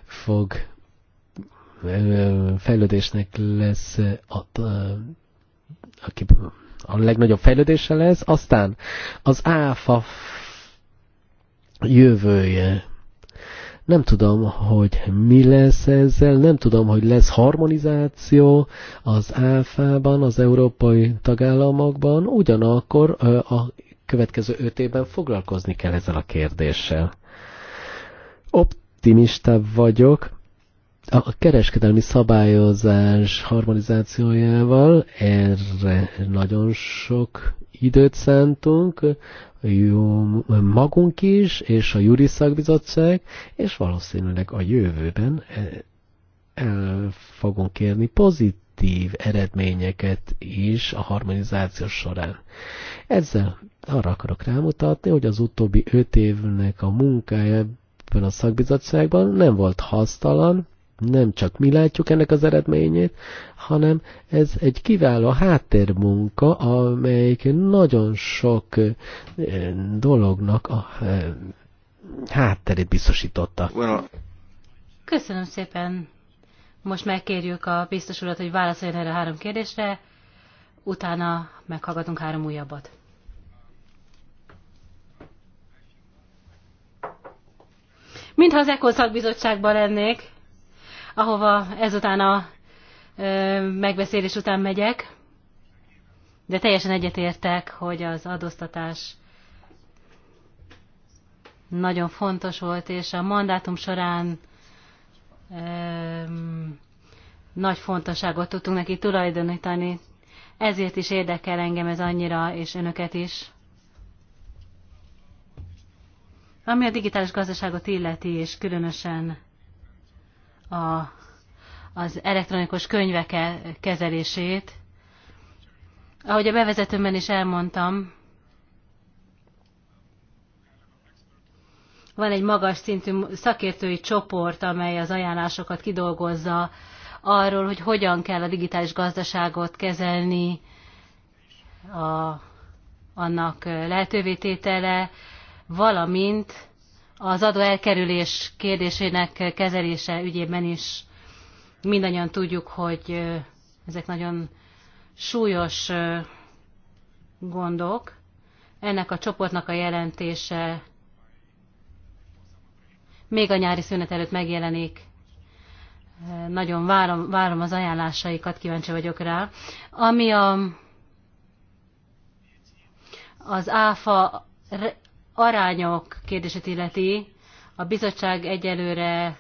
[SPEAKER 1] fog fejlődésnek lesz a, aki a legnagyobb fejlődése lesz, aztán az áfa jövője nem tudom, hogy mi lesz ezzel, nem tudom, hogy lesz harmonizáció az áfában, az európai tagállamokban, ugyanakkor a következő öt évben foglalkozni kell ezzel a kérdéssel. Optimista vagyok, a kereskedelmi szabályozás harmonizációjával erre nagyon sok időt szántunk, jó, magunk is, és a juri szakbizottság, és valószínűleg a jövőben eh, el fogunk kérni pozitív eredményeket is a harmonizáció során. Ezzel arra akarok rámutatni, hogy az utóbbi öt évnek a munkája ebben a szakbizottságban nem volt hasztalan, nem csak mi látjuk ennek az eredményét, hanem ez egy kiváló háttérmunka, amelyik nagyon sok eh, dolognak a eh, hátterét biztosította.
[SPEAKER 2] Köszönöm szépen. Most megkérjük a biztos urat, hogy válaszoljon erre a három kérdésre, utána meghallgatunk három újabbat. Mintha az Ekon szakbizottságban lennék ahova ezután a megbeszélés után megyek, de teljesen egyetértek, hogy az adóztatás nagyon fontos volt, és a mandátum során nagy fontosságot tudtunk neki tulajdonítani. Ezért is érdekel engem ez annyira, és önöket is. Ami a digitális gazdaságot illeti, és különösen a, az elektronikus könyvek e, kezelését. Ahogy a bevezetőmben is elmondtam, van egy magas szintű szakértői csoport, amely az ajánlásokat kidolgozza arról, hogy hogyan kell a digitális gazdaságot kezelni, a, annak lehetővé tétele, valamint az adóelkerülés kérdésének kezelése ügyében is mindannyian tudjuk, hogy ezek nagyon súlyos gondok. Ennek a csoportnak a jelentése még a nyári szünet előtt megjelenik. Nagyon várom, várom az ajánlásaikat, kíváncsi vagyok rá. Ami a, az áfa arányok kérdését illeti, a bizottság egyelőre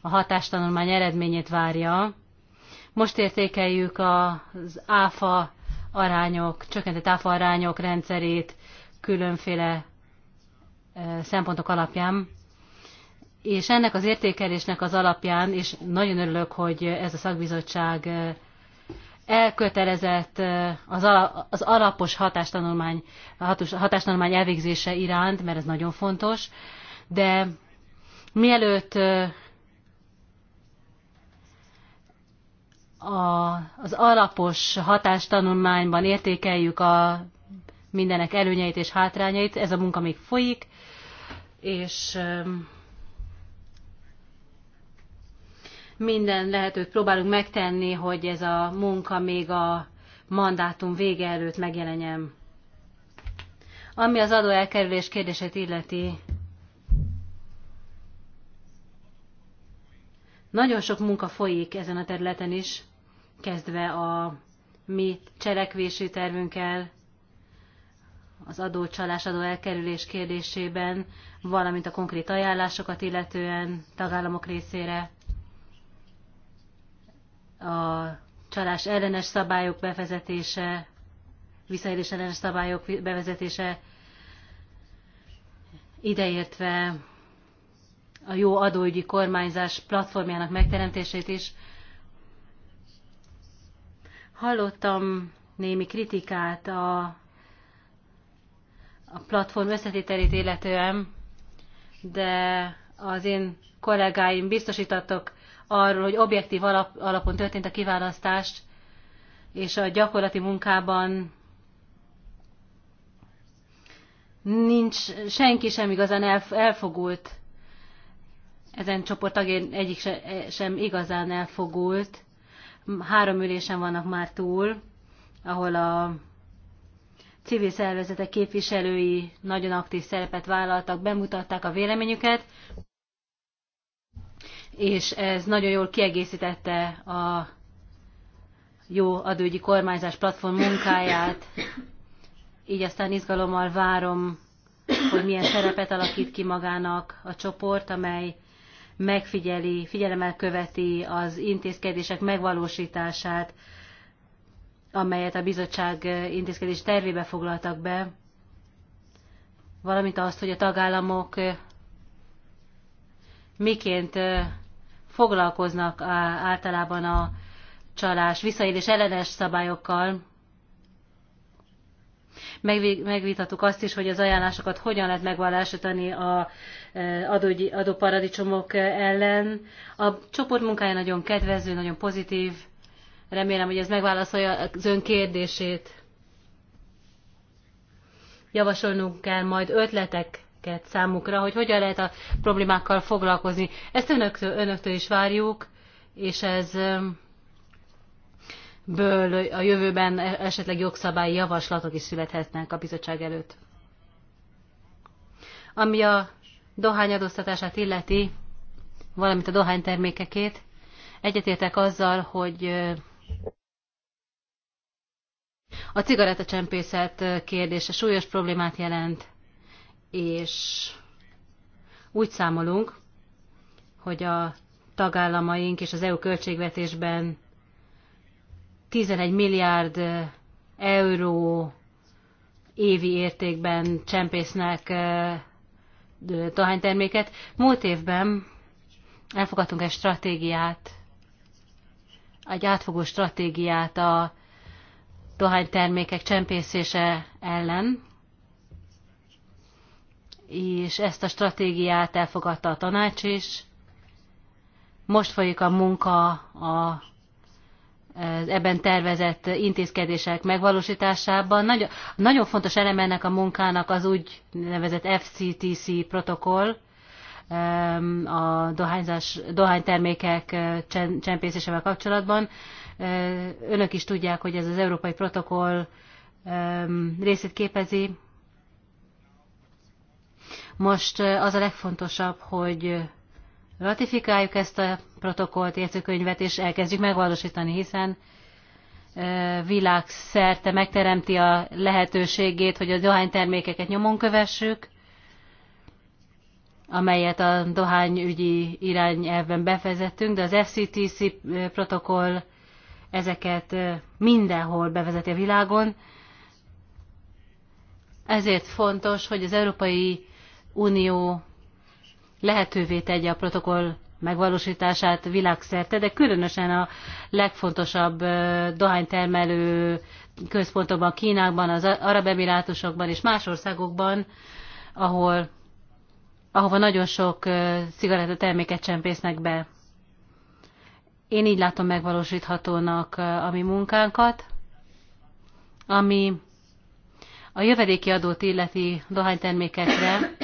[SPEAKER 2] a hatástanulmány eredményét várja. Most értékeljük az áfa arányok, csökkentett áfa arányok rendszerét különféle szempontok alapján. És ennek az értékelésnek az alapján, és nagyon örülök, hogy ez a szakbizottság elkötelezett az, alapos hatástanulmány, hatástanulmány elvégzése iránt, mert ez nagyon fontos, de mielőtt az alapos hatástanulmányban értékeljük a mindenek előnyeit és hátrányait, ez a munka még folyik, és Minden lehetőt próbálunk megtenni, hogy ez a munka még a mandátum vége előtt megjelenjen. Ami az adóelkerülés kérdését illeti, nagyon sok munka folyik ezen a területen is, kezdve a mi cselekvési tervünkkel, az adócsalás, adóelkerülés kérdésében, valamint a konkrét ajánlásokat illetően tagállamok részére a csalás ellenes szabályok bevezetése, visszaélés ellenes szabályok bevezetése, ideértve a jó adóügyi kormányzás platformjának megteremtését is. Hallottam némi kritikát a, a platform összetételét illetően, de az én kollégáim biztosítottak arról, hogy objektív alap, alapon történt a kiválasztás, és a gyakorlati munkában nincs senki sem igazán elfogult, ezen csoport tagjén egyik sem igazán elfogult. Három ülésen vannak már túl, ahol a civil szervezetek képviselői nagyon aktív szerepet vállaltak, bemutatták a véleményüket és ez nagyon jól kiegészítette a jó adőgyi kormányzás platform munkáját, így aztán izgalommal várom, hogy milyen szerepet alakít ki magának a csoport, amely megfigyeli, figyelemmel követi az intézkedések megvalósítását, amelyet a bizottság intézkedés tervébe foglaltak be, valamint azt, hogy a tagállamok miként foglalkoznak általában a csalás visszaélés ellenes szabályokkal. Megvitattuk azt is, hogy az ajánlásokat hogyan lehet megvalósítani a e, adóparadicsomok ellen. A csoport munkája nagyon kedvező, nagyon pozitív. Remélem, hogy ez megválaszolja az ön kérdését. Javasolnunk kell majd ötletek ötleteket számukra, hogy hogyan lehet a problémákkal foglalkozni. Ezt önöktől, önöktől is várjuk, és ez ből a jövőben e, esetleg jogszabályi javaslatok is születhetnek a bizottság előtt. Ami a Dohányadóztatását illeti, valamint a dohánytermékekét, egyetértek azzal, hogy a cigarettacsempészet kérdése súlyos problémát jelent és úgy számolunk, hogy a tagállamaink és az EU költségvetésben 11 milliárd euró évi értékben csempésznek dohányterméket. Múlt évben elfogadtunk egy stratégiát, egy átfogó stratégiát a dohánytermékek csempészése ellen, és ezt a stratégiát elfogadta a tanács is. Most folyik a munka a az ebben tervezett intézkedések megvalósításában. Nagy, nagyon fontos eleme ennek a munkának az úgynevezett FCTC protokoll, a dohányzás, dohánytermékek eh, csempészésével kapcsolatban. Eh, önök is tudják, hogy ez az európai protokoll részét képezi most az a legfontosabb, hogy ratifikáljuk ezt a protokollt, jegyzőkönyvet, és elkezdjük megvalósítani, hiszen világszerte megteremti a lehetőségét, hogy a dohánytermékeket nyomon kövessük, amelyet a dohányügyi irányelvben bevezettünk, de az FCTC protokoll ezeket mindenhol bevezeti a világon. Ezért fontos, hogy az európai Unió lehetővé tegye a protokoll megvalósítását világszerte, de különösen a legfontosabb dohánytermelő központokban, Kínában, az Arab Emirátusokban és más országokban, ahol, ahova nagyon sok cigarettaterméket csempésznek be. Én így látom megvalósíthatónak a mi munkánkat, ami a jövedéki adót illeti dohánytermékekre,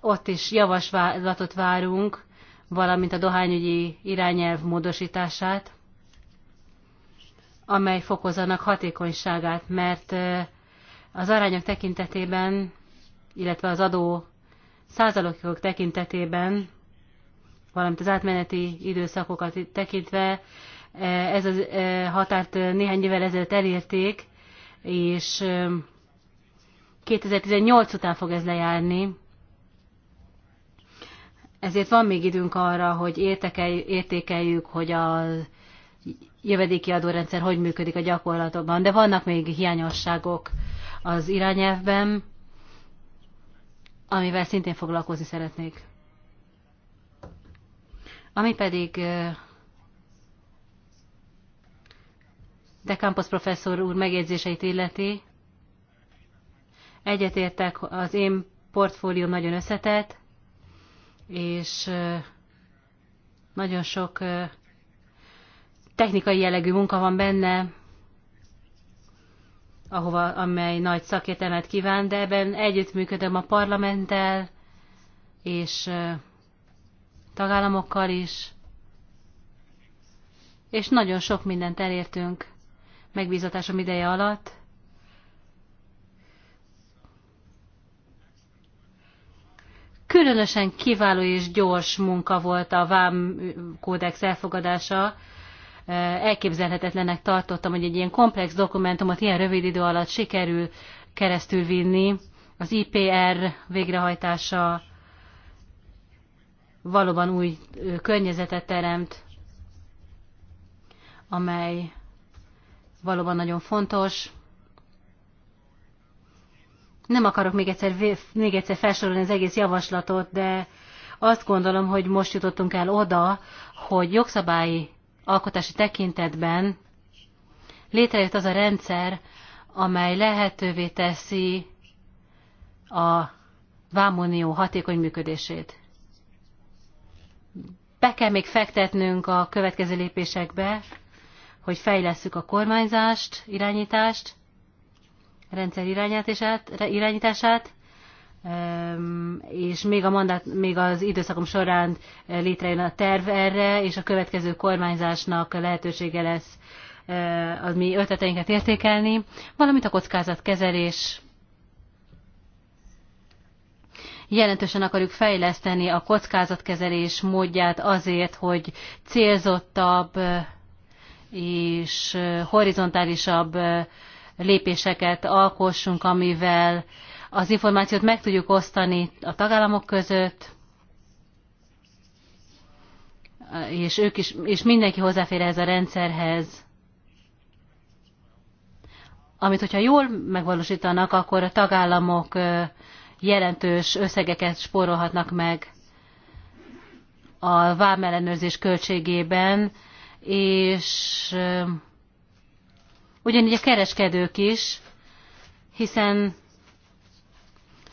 [SPEAKER 2] ott is javaslatot várunk, valamint a dohányügyi irányelv módosítását, amely fokozanak hatékonyságát, mert az arányok tekintetében, illetve az adó százalékok tekintetében, valamint az átmeneti időszakokat tekintve ez a határt néhány évvel ezelőtt elérték, és 2018 után fog ez lejárni, ezért van még időnk arra, hogy értékeljük, hogy a jövedéki adórendszer hogy működik a gyakorlatokban, de vannak még hiányosságok az irányelvben, amivel szintén foglalkozni szeretnék. Ami pedig De Campos professzor úr megjegyzéseit illeti, egyetértek, az én portfólióm nagyon összetett, és nagyon sok technikai jellegű munka van benne, ahova, amely nagy szakértelmet kíván, de ebben együttműködöm a parlamenttel és tagállamokkal is, és nagyon sok mindent elértünk megbízatásom ideje alatt, Különösen kiváló és gyors munka volt a VAM kódex elfogadása. Elképzelhetetlenek tartottam, hogy egy ilyen komplex dokumentumot ilyen rövid idő alatt sikerül keresztül vinni. Az IPR végrehajtása valóban új környezetet teremt, amely valóban nagyon fontos. Nem akarok még egyszer, még egyszer felsorolni az egész javaslatot, de azt gondolom, hogy most jutottunk el oda, hogy jogszabályi alkotási tekintetben létrejött az a rendszer, amely lehetővé teszi a vámunió hatékony működését. Be kell még fektetnünk a következő lépésekbe, hogy fejlesszük a kormányzást, irányítást, rendszer irányítását, irányítását és még, a mandát, még az időszakom során eh, létrejön a terv erre, és a következő kormányzásnak lehetősége lesz eh, az mi ötleteinket értékelni, valamint a kockázatkezelés. Jelentősen akarjuk fejleszteni a kockázatkezelés módját azért, hogy célzottabb eh, és horizontálisabb lépéseket alkossunk, amivel az információt meg tudjuk osztani a tagállamok között, és, ők is, és mindenki hozzáfér ez a rendszerhez, amit hogyha jól megvalósítanak, akkor a tagállamok jelentős összegeket spórolhatnak meg a vámellenőrzés költségében, és ugyanígy a kereskedők is, hiszen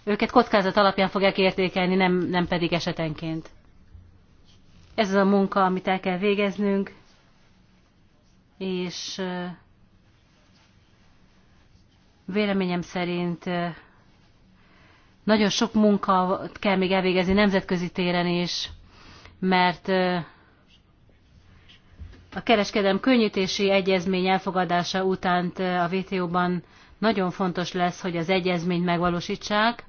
[SPEAKER 2] őket kockázat alapján fogják értékelni, nem, nem pedig esetenként. Ez az a munka, amit el kell végeznünk, és véleményem szerint nagyon sok munka kell még elvégezni nemzetközi téren is, mert a kereskedelem könnyítési egyezmény elfogadása után eh, a WTO-ban nagyon fontos lesz, hogy az egyezményt megvalósítsák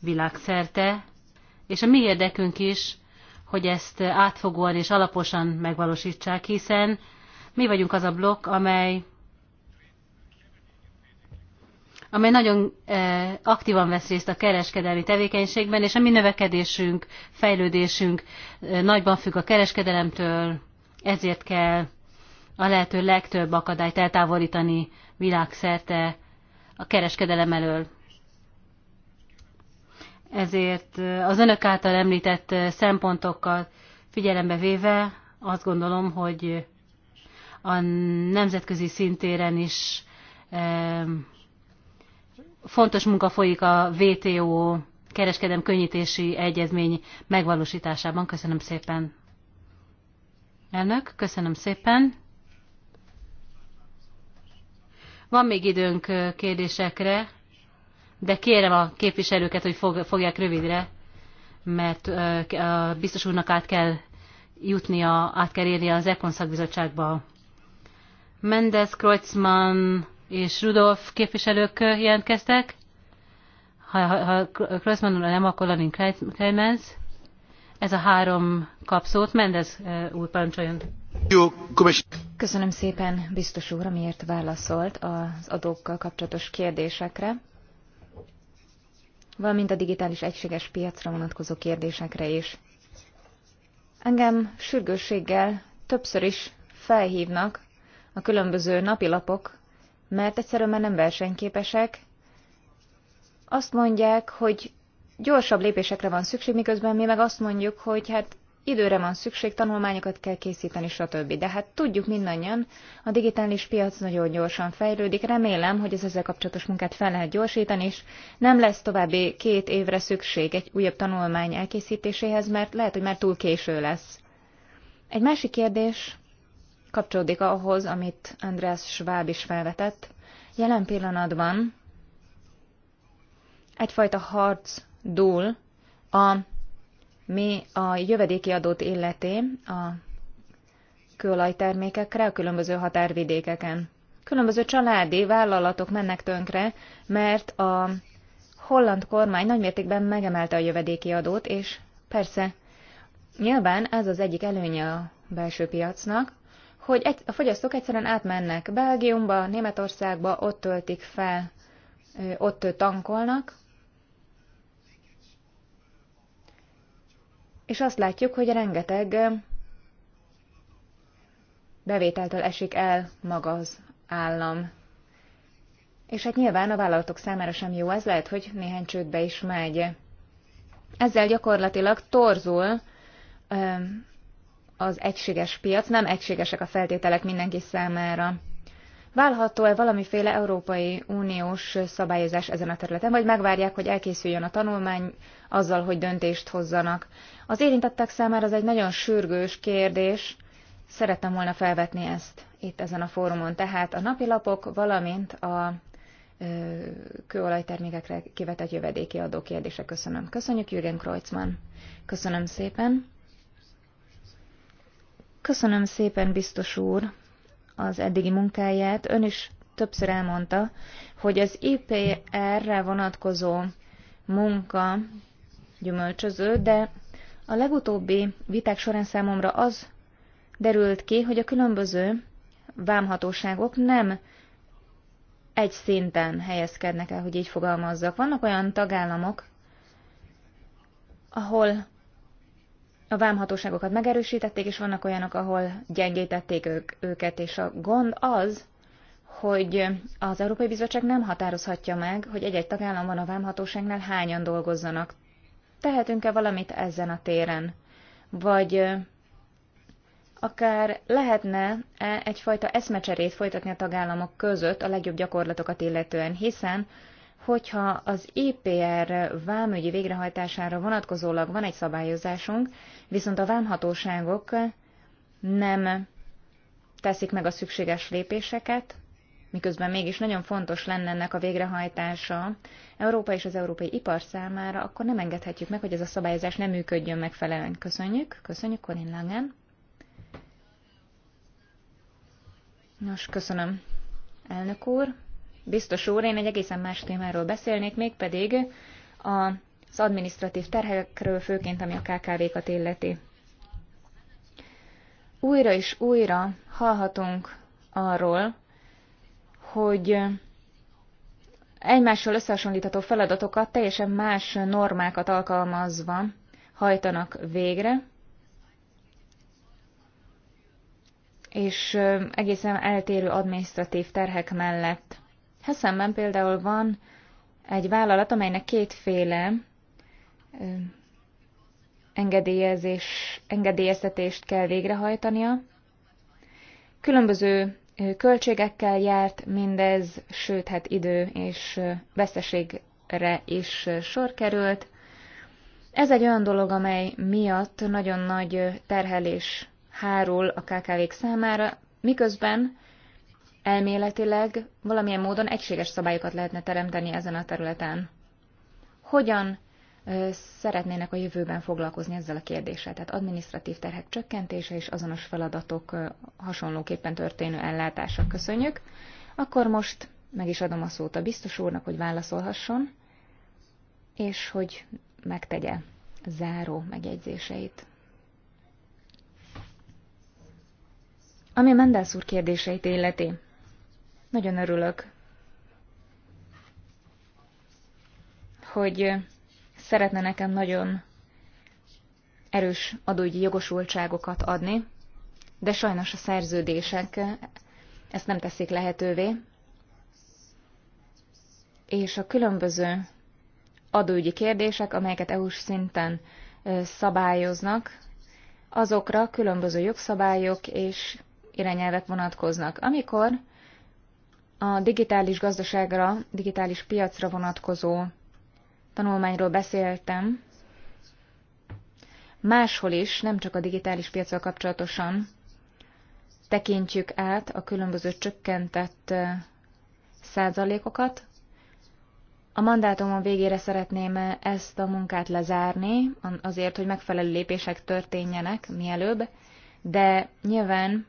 [SPEAKER 2] világszerte, és a mi érdekünk is, hogy ezt átfogóan és alaposan megvalósítsák, hiszen mi vagyunk az a blokk, amely amely nagyon eh, aktívan vesz részt a kereskedelmi tevékenységben, és a mi növekedésünk, fejlődésünk eh, nagyban függ a kereskedelemtől, ezért kell a lehető legtöbb akadályt eltávolítani világszerte a kereskedelem elől. Ezért az önök által említett szempontokat figyelembe véve azt gondolom, hogy a nemzetközi szintéren is fontos munka folyik a WTO kereskedem könnyítési egyezmény megvalósításában. Köszönöm szépen! Elnök, köszönöm szépen. Van még időnk kérdésekre, de kérem a képviselőket, hogy fogják rövidre, mert a biztos úrnak át kell jutnia, át kell érnie az Ekon szakbizottságba. Mendez, Kreutzmann és Rudolf képviselők jelentkeztek. Ha, ha, ha Kreutzmann nem, akkor Lanin Kreimens
[SPEAKER 3] ez a három kapszót. Mendez eh, úr, parancsoljon. Köszönöm szépen, biztos úr, amiért válaszolt az adókkal kapcsolatos kérdésekre, valamint a digitális egységes piacra vonatkozó kérdésekre is. Engem sürgősséggel többször is felhívnak a különböző napilapok, mert egyszerűen már nem versenyképesek. Azt mondják, hogy gyorsabb lépésekre van szükség, miközben mi meg azt mondjuk, hogy hát időre van szükség, tanulmányokat kell készíteni, stb. De hát tudjuk mindannyian, a digitális piac nagyon gyorsan fejlődik, remélem, hogy az ezzel kapcsolatos munkát fel lehet gyorsítani, és nem lesz további két évre szükség egy újabb tanulmány elkészítéséhez, mert lehet, hogy már túl késő lesz. Egy másik kérdés kapcsolódik ahhoz, amit András Schwab is felvetett. Jelen pillanatban egyfajta harc dúl, a, mi a jövedéki adót illeti a kőolajtermékekre a különböző határvidékeken. Különböző családi vállalatok mennek tönkre, mert a holland kormány nagymértékben megemelte a jövedéki adót, és persze nyilván ez az egyik előnye a belső piacnak, hogy egy, a fogyasztók egyszerűen átmennek Belgiumba, Németországba, ott töltik fel, ott tankolnak, és azt látjuk, hogy rengeteg bevételtől esik el maga az állam. És hát nyilván a vállalatok számára sem jó, ez lehet, hogy néhány csődbe is megy. Ezzel gyakorlatilag torzul az egységes piac, nem egységesek a feltételek mindenki számára. Válható-e valamiféle Európai Uniós szabályozás ezen a területen, vagy megvárják, hogy elkészüljön a tanulmány azzal, hogy döntést hozzanak? Az érintettek számára ez egy nagyon sürgős kérdés, szerettem volna felvetni ezt itt ezen a fórumon. Tehát a napilapok, valamint a kőolajtermékekre kivetett jövedéki adó kérdése. Köszönöm. Köszönjük, Jürgen Kreuzmann. Köszönöm szépen. Köszönöm szépen, biztos úr, az eddigi munkáját. Ön is többször elmondta, hogy az IPR-re vonatkozó munka gyümölcsöző, de a legutóbbi viták során számomra az derült ki, hogy a különböző vámhatóságok nem egy szinten helyezkednek el, hogy így fogalmazzak. Vannak olyan tagállamok, ahol a vámhatóságokat megerősítették, és vannak olyanok, ahol gyengítették ők, őket, és a gond az, hogy az Európai Bizottság nem határozhatja meg, hogy egy-egy tagállamban a vámhatóságnál hányan dolgozzanak. Tehetünk-e valamit ezen a téren? Vagy akár lehetne -e egyfajta eszmecserét folytatni a tagállamok között a legjobb gyakorlatokat illetően, hiszen hogyha az IPR e vámügyi végrehajtására vonatkozólag van egy szabályozásunk, viszont a vámhatóságok nem teszik meg a szükséges lépéseket, miközben mégis nagyon fontos lenne ennek a végrehajtása Európa és az európai ipar számára, akkor nem engedhetjük meg, hogy ez a szabályozás nem működjön megfelelően. Köszönjük, köszönjük Corinne Langen. Nos, köszönöm, elnök úr. Biztos úr, én egy egészen más témáról beszélnék, mégpedig az administratív terhekről, főként ami a KKV-kat illeti. Újra és újra hallhatunk arról, hogy egymással összehasonlítható feladatokat teljesen más normákat alkalmazva hajtanak végre, és egészen eltérő administratív terhek mellett Hessenben például van egy vállalat, amelynek kétféle engedélyezés, engedélyeztetést kell végrehajtania. Különböző költségekkel járt mindez, sőt, hát idő és veszteségre is sor került. Ez egy olyan dolog, amely miatt nagyon nagy terhelés hárul a KKV-k számára, miközben elméletileg valamilyen módon egységes szabályokat lehetne teremteni ezen a területen. Hogyan szeretnének a jövőben foglalkozni ezzel a kérdéssel, tehát administratív terhek csökkentése és azonos feladatok hasonlóképpen történő ellátása. Köszönjük. Akkor most meg is adom a szót a biztos úrnak, hogy válaszolhasson, és hogy megtegye záró megjegyzéseit. Ami Mendelsz úr kérdéseit illeti, nagyon örülök, hogy szeretne nekem nagyon erős adógyi jogosultságokat adni, de sajnos a szerződések ezt nem teszik lehetővé, és a különböző adógyi kérdések, amelyeket EU-s szinten szabályoznak, azokra különböző jogszabályok és irányelvek vonatkoznak. Amikor a digitális gazdaságra, digitális piacra vonatkozó tanulmányról beszéltem, máshol is, nem csak a digitális piacra kapcsolatosan tekintjük át a különböző csökkentett százalékokat. A mandátumon végére szeretném ezt a munkát lezárni, azért, hogy megfelelő lépések történjenek mielőbb, de nyilván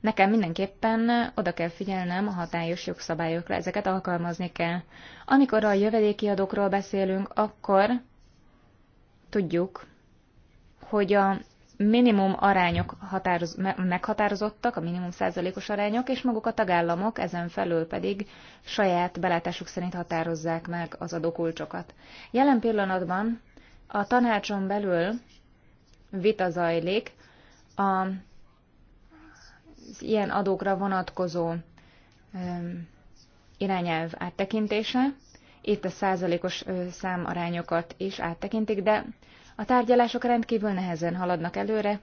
[SPEAKER 3] Nekem mindenképpen oda kell figyelnem a hatályos jogszabályokra, ezeket alkalmazni kell. Amikor a jövedéki adókról beszélünk, akkor tudjuk, hogy a minimum arányok határoz, meghatározottak, a minimum százalékos arányok, és maguk a tagállamok ezen felül pedig saját belátásuk szerint határozzák meg az adókulcsokat. Jelen pillanatban a tanácson belül vita zajlik a ilyen adókra vonatkozó irányelv áttekintése. Itt a százalékos számarányokat is áttekintik, de a tárgyalások rendkívül nehezen haladnak előre,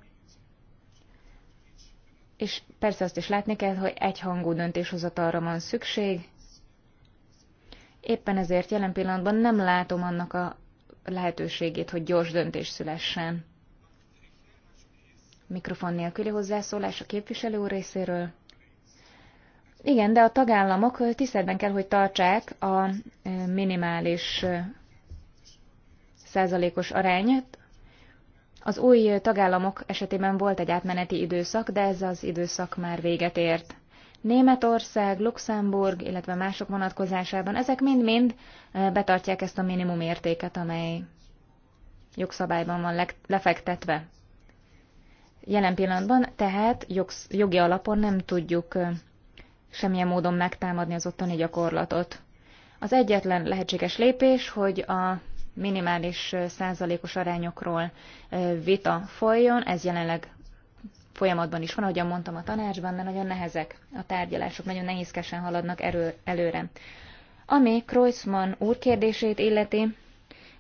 [SPEAKER 3] és persze azt is látni kell, hogy egyhangú döntéshozatalra van szükség. Éppen ezért jelen pillanatban nem látom annak a lehetőségét, hogy gyors döntés szülessen mikrofon nélküli hozzászólás a képviselő úr részéről. Igen, de a tagállamok tiszteletben kell, hogy tartsák a e, minimális e, százalékos arányt. Az új tagállamok esetében volt egy átmeneti időszak, de ez az időszak már véget ért. Németország, Luxemburg, illetve mások vonatkozásában ezek mind-mind e, betartják ezt a minimum értéket, amely jogszabályban van lefektetve. Jelen pillanatban tehát jogsz, jogi alapon nem tudjuk semmilyen módon megtámadni az ottani gyakorlatot. Az egyetlen lehetséges lépés, hogy a minimális százalékos arányokról vita folyjon, ez jelenleg folyamatban is van, ahogyan mondtam a tanácsban, de nagyon nehezek a tárgyalások, nagyon nehézkesen haladnak erő, előre. Ami Kreuzmann úr kérdését illeti,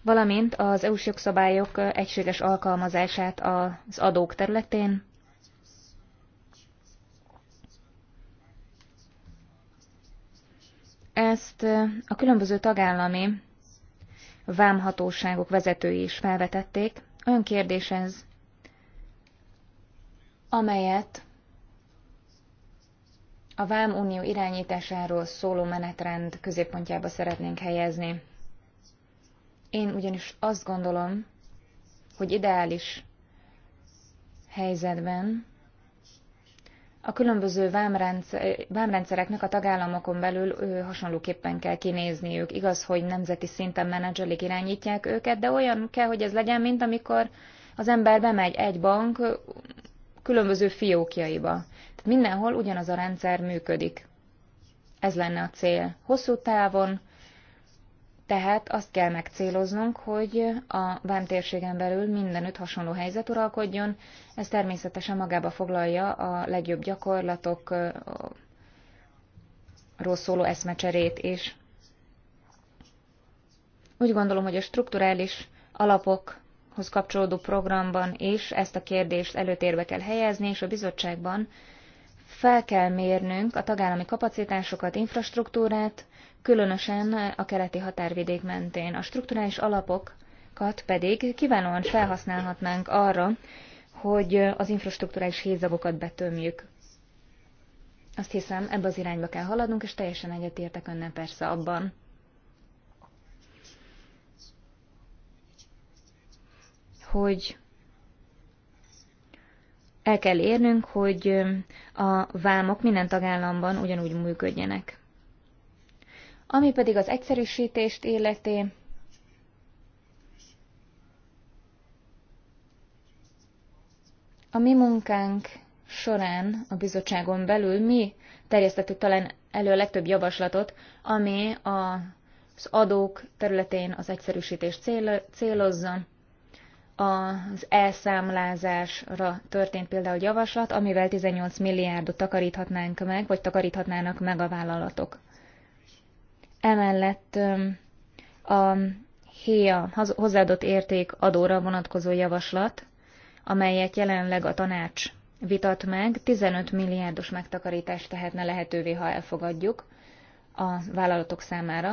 [SPEAKER 3] valamint az EU-s jogszabályok egységes alkalmazását az adók területén. Ezt a különböző tagállami vámhatóságok vezetői is felvetették. Olyan kérdés ez, amelyet a Vámunió irányításáról szóló menetrend középpontjába szeretnénk helyezni. Én ugyanis azt gondolom, hogy ideális helyzetben a különböző vámrendszer, vámrendszereknek a tagállamokon belül hasonlóképpen kell kinézniük. Igaz, hogy nemzeti szinten menedzselik irányítják őket, de olyan kell, hogy ez legyen, mint amikor az ember bemegy egy bank különböző fiókjaiba. Tehát mindenhol ugyanaz a rendszer működik. Ez lenne a cél. Hosszú távon tehát azt kell megcéloznunk, hogy a vámtérségen belül mindenütt hasonló helyzet uralkodjon. Ez természetesen magába foglalja a legjobb gyakorlatok rossz szóló eszmecserét is. Úgy gondolom, hogy a strukturális alapokhoz kapcsolódó programban is ezt a kérdést előtérbe kell helyezni, és a bizottságban fel kell mérnünk a tagállami kapacitásokat, infrastruktúrát, különösen a keleti határvidék mentén. A strukturális alapokat pedig kiválóan felhasználhatnánk arra, hogy az infrastruktúrális hézagokat betömjük. Azt hiszem, ebbe az irányba kell haladnunk, és teljesen egyetértek önnel persze abban. Hogy el kell érnünk, hogy a vámok minden tagállamban ugyanúgy működjenek. Ami pedig az egyszerűsítést illeti, a mi munkánk során a bizottságon belül mi terjesztettük talán elő a legtöbb javaslatot, ami az adók területén az egyszerűsítést célozza. Az elszámlázásra történt például javaslat, amivel 18 milliárdot takaríthatnánk meg, vagy takaríthatnának meg a vállalatok. Emellett a HÉA hozzáadott érték adóra vonatkozó javaslat, amelyet jelenleg a tanács vitat meg, 15 milliárdos megtakarítást tehetne lehetővé, ha elfogadjuk a vállalatok számára.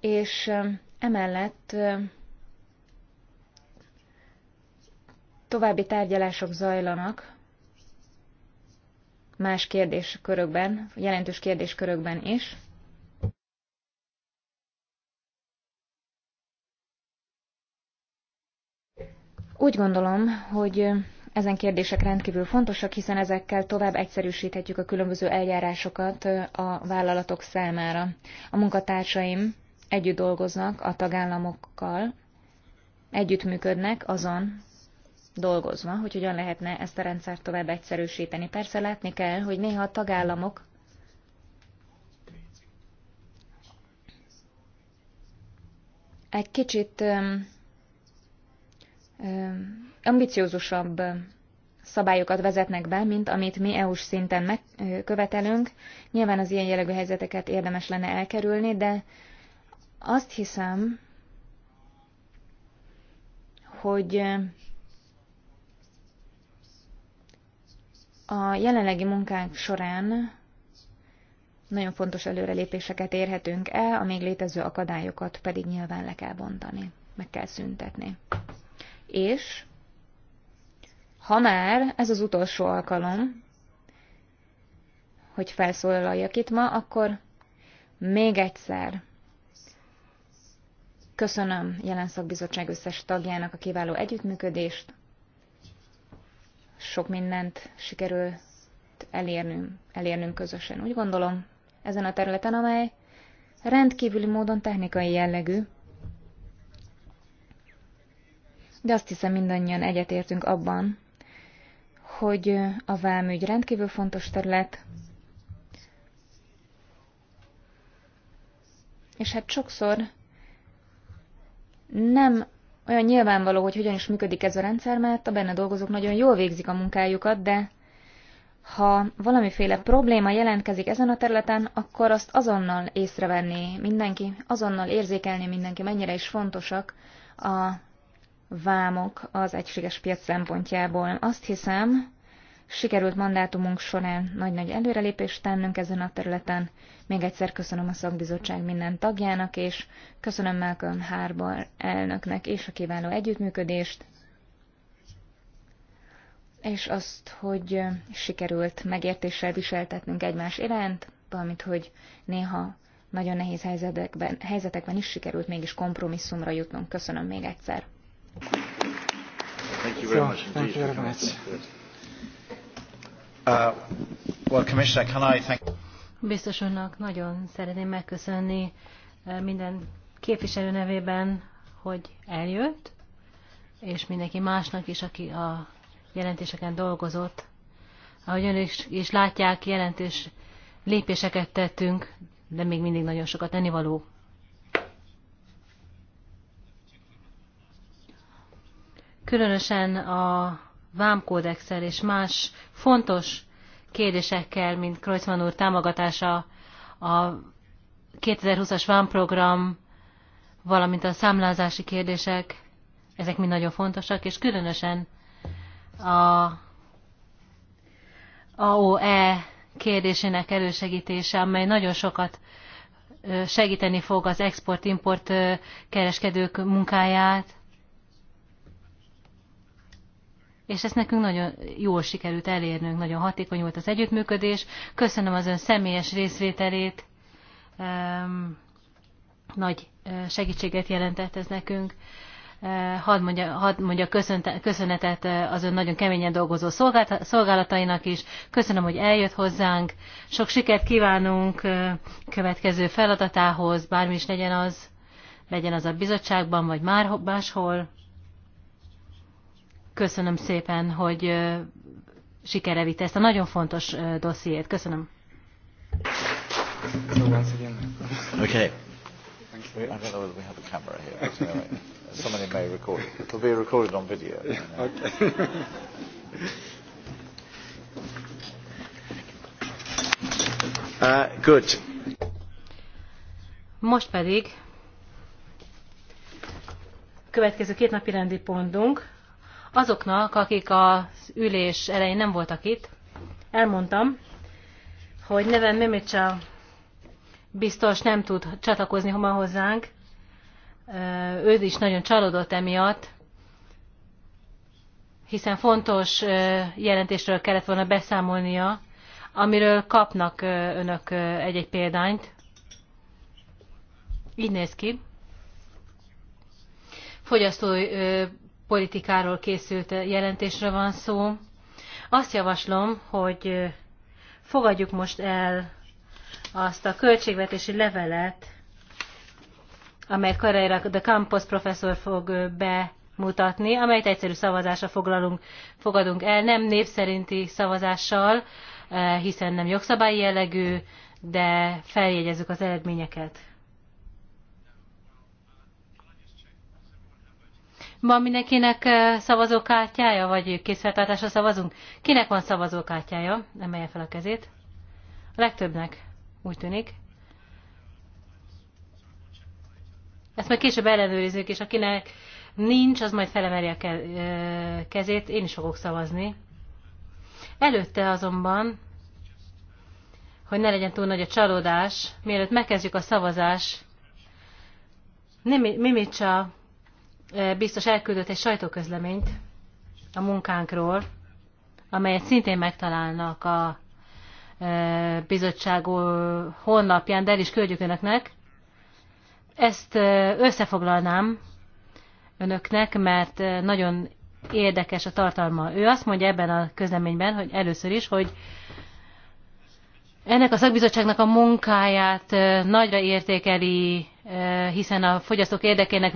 [SPEAKER 3] És emellett további tárgyalások zajlanak más kérdéskörökben, jelentős kérdéskörökben is. Úgy gondolom, hogy ezen kérdések rendkívül fontosak, hiszen ezekkel tovább egyszerűsíthetjük a különböző eljárásokat a vállalatok számára. A munkatársaim együtt dolgoznak a tagállamokkal, együttműködnek azon, dolgozva, hogy hogyan lehetne ezt a rendszert tovább egyszerűsíteni. Persze látni kell, hogy néha a tagállamok egy kicsit ambiciózusabb szabályokat vezetnek be, mint amit mi EU-s szinten megkövetelünk. Nyilván az ilyen jellegű helyzeteket érdemes lenne elkerülni, de azt hiszem, hogy A jelenlegi munkánk során nagyon fontos előrelépéseket érhetünk el, a még létező akadályokat pedig nyilván le kell bontani, meg kell szüntetni. És ha már ez az utolsó alkalom, hogy felszólaljak itt ma, akkor még egyszer köszönöm jelen szakbizottság összes tagjának a kiváló együttműködést, sok mindent sikerül elérnünk, elérnünk közösen. Úgy gondolom, ezen a területen, amely rendkívüli módon technikai jellegű, de azt hiszem mindannyian egyetértünk abban, hogy a vámügy rendkívül fontos terület, és hát sokszor nem olyan nyilvánvaló, hogy hogyan is működik ez a rendszer, mert a benne dolgozók nagyon jól végzik a munkájukat, de ha valamiféle probléma jelentkezik ezen a területen, akkor azt azonnal észrevenni, mindenki, azonnal érzékelni mindenki, mennyire is fontosak a vámok az egységes piac szempontjából. Azt hiszem, Sikerült mandátumunk során nagy-nagy előrelépést tennünk ezen a területen. Még egyszer köszönöm a szakbizottság minden tagjának, és köszönöm Malcolm Harbour elnöknek és a kiváló együttműködést, és azt, hogy sikerült megértéssel viseltetnünk egymás iránt, valamint, hogy néha nagyon nehéz helyzetekben, helyzetekben is sikerült mégis kompromisszumra jutnunk. Köszönöm még egyszer. Thank you very much. Thank you very much. Uh,
[SPEAKER 2] Biztos úrnak nagyon szeretném megköszönni uh, minden képviselő nevében, hogy eljött, és mindenki másnak is, aki a jelentéseken dolgozott. Ahogy önök is, is látják, jelentős lépéseket tettünk, de még mindig nagyon sokat ennivaló. Különösen a vámkódexel és más fontos kérdésekkel, mint Kreuzmann úr támogatása a 2020-as vámprogram, valamint a számlázási kérdések, ezek mind nagyon fontosak, és különösen a AOE kérdésének elősegítése, amely nagyon sokat segíteni fog az export-import kereskedők munkáját, és ezt nekünk nagyon jól sikerült elérnünk, nagyon hatékony volt az együttműködés. Köszönöm az ön személyes részvételét, nagy segítséget jelentett ez nekünk. Hadd mondja, hadd mondja köszönetet az ön nagyon keményen dolgozó szolgálatainak is. Köszönöm, hogy eljött hozzánk. Sok sikert kívánunk következő feladatához, bármi is legyen az, legyen az a bizottságban, vagy már máshol. Köszönöm szépen, hogy sikere vitte ezt a nagyon fontos dossziét. Köszönöm.
[SPEAKER 1] Okay. I don't know
[SPEAKER 3] whether we have a camera here. anyway, somebody may record it. It'll be recorded on video. You
[SPEAKER 2] know. okay. uh, good. Most pedig következő két napi rendi pontunk Azoknak, akik az ülés elején nem voltak itt, elmondtam, hogy nevem Mimicsa biztos nem tud csatlakozni ma hozzánk. Ő is nagyon csalódott emiatt, hiszen fontos jelentésről kellett volna beszámolnia, amiről kapnak önök egy-egy példányt. Így néz ki. Fogyasztói politikáról készült jelentésre van szó. Azt javaslom, hogy fogadjuk most el azt a költségvetési levelet, amelyet Carrera de Campos professzor fog bemutatni, amelyet egyszerű szavazásra foglalunk, fogadunk el, nem népszerinti szavazással, hiszen nem jogszabályi jellegű, de feljegyezzük az eredményeket. Van mindenkinek eh, szavazókártyája, vagy készfeltartásra szavazunk? Kinek van szavazókártyája? Emelje fel a kezét. A legtöbbnek, úgy tűnik. Ezt majd később ellenőrizzük, és akinek nincs, az majd felemeri a eh, kezét. Én is fogok szavazni. Előtte azonban, hogy ne legyen túl nagy a csalódás, mielőtt megkezdjük a szavazás, Mimicsa biztos elküldött egy sajtóközleményt a munkánkról, amelyet szintén megtalálnak a bizottság honlapján, de el is küldjük önöknek. Ezt összefoglalnám önöknek, mert nagyon érdekes a tartalma. Ő azt mondja ebben a közleményben, hogy először is, hogy ennek a szakbizottságnak a munkáját nagyra értékeli Eh, hiszen a fogyasztók érdekének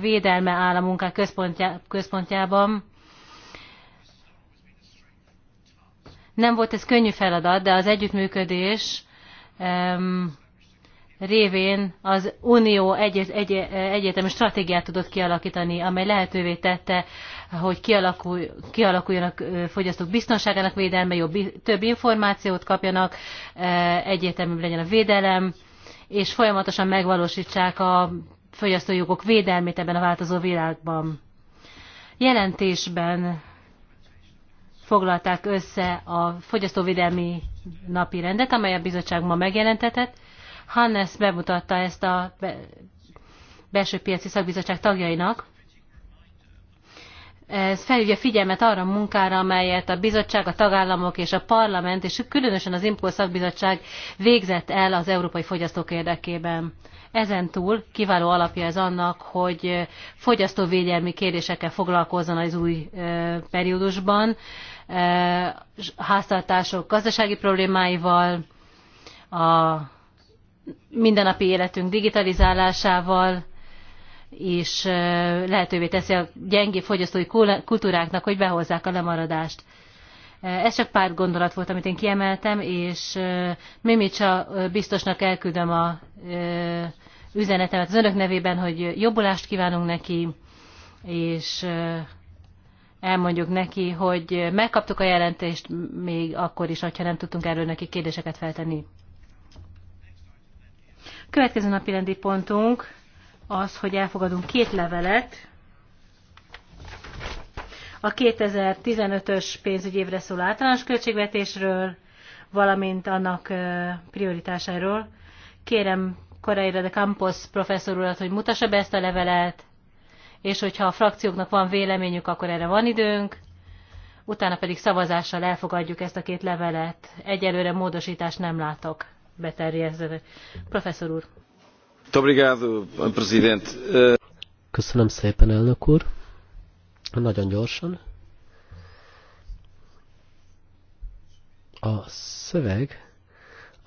[SPEAKER 2] védelme áll a munkák központjá, központjában. Nem volt ez könnyű feladat, de az együttműködés révén az Unió egy, egy, egyetemi stratégiát tudott kialakítani, amely lehetővé tette, hogy kialakul, kialakuljanak fogyasztók biztonságának védelme, jobb, több információt kapjanak, eh, egyértelműbb legyen a védelem, és folyamatosan megvalósítsák a jogok védelmét ebben a változó világban. Jelentésben foglalták össze a fogyasztóvédelmi napi rendet, amely a bizottság ma megjelentetett. Hannes bemutatta ezt a belső piaci szakbizottság tagjainak, ez felhívja figyelmet arra a munkára, amelyet a bizottság, a tagállamok és a parlament, és különösen az IMCO szakbizottság végzett el az európai fogyasztók érdekében. Ezen túl kiváló alapja ez annak, hogy fogyasztóvédelmi kérdésekkel foglalkozzon az új e, periódusban, e, háztartások gazdasági problémáival, a mindennapi életünk digitalizálásával, és lehetővé teszi a gyengébb fogyasztói kultúráknak, hogy behozzák a lemaradást. Ez csak pár gondolat volt, amit én kiemeltem, és Mimicsa biztosnak elküldöm a üzenetemet az önök nevében, hogy jobbulást kívánunk neki, és elmondjuk neki, hogy megkaptuk a jelentést még akkor is, ha nem tudtunk erről neki kérdéseket feltenni. Következő napi rendi pontunk az, hogy elfogadunk két levelet, a 2015-ös pénzügyi évre szóló általános költségvetésről, valamint annak prioritásáról. Kérem Koreira de Campos professzor urat, hogy mutassa be ezt a levelet, és hogyha a frakcióknak van véleményük, akkor erre van időnk. Utána pedig szavazással elfogadjuk ezt a két levelet. Egyelőre módosítást nem látok beterjezve. Professzor úr.
[SPEAKER 1] Köszönöm szépen, elnök úr. Nagyon gyorsan. A szöveg,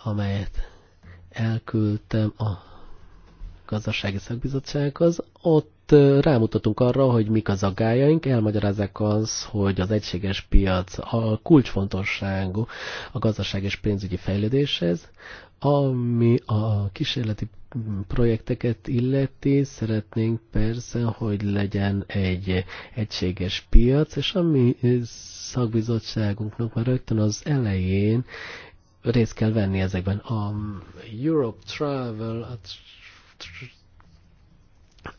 [SPEAKER 1] amelyet elküldtem a gazdasági szakbizottsághoz, ott rámutatunk arra, hogy mik az aggájaink, elmagyarázzák az, hogy az egységes piac a kulcsfontosságú a gazdaság és pénzügyi fejlődéshez, ami a kísérleti projekteket illeti, szeretnénk persze, hogy legyen egy egységes piac, és ami szakbizottságunknak már rögtön az elején részt kell venni ezekben. A Europe Travel, a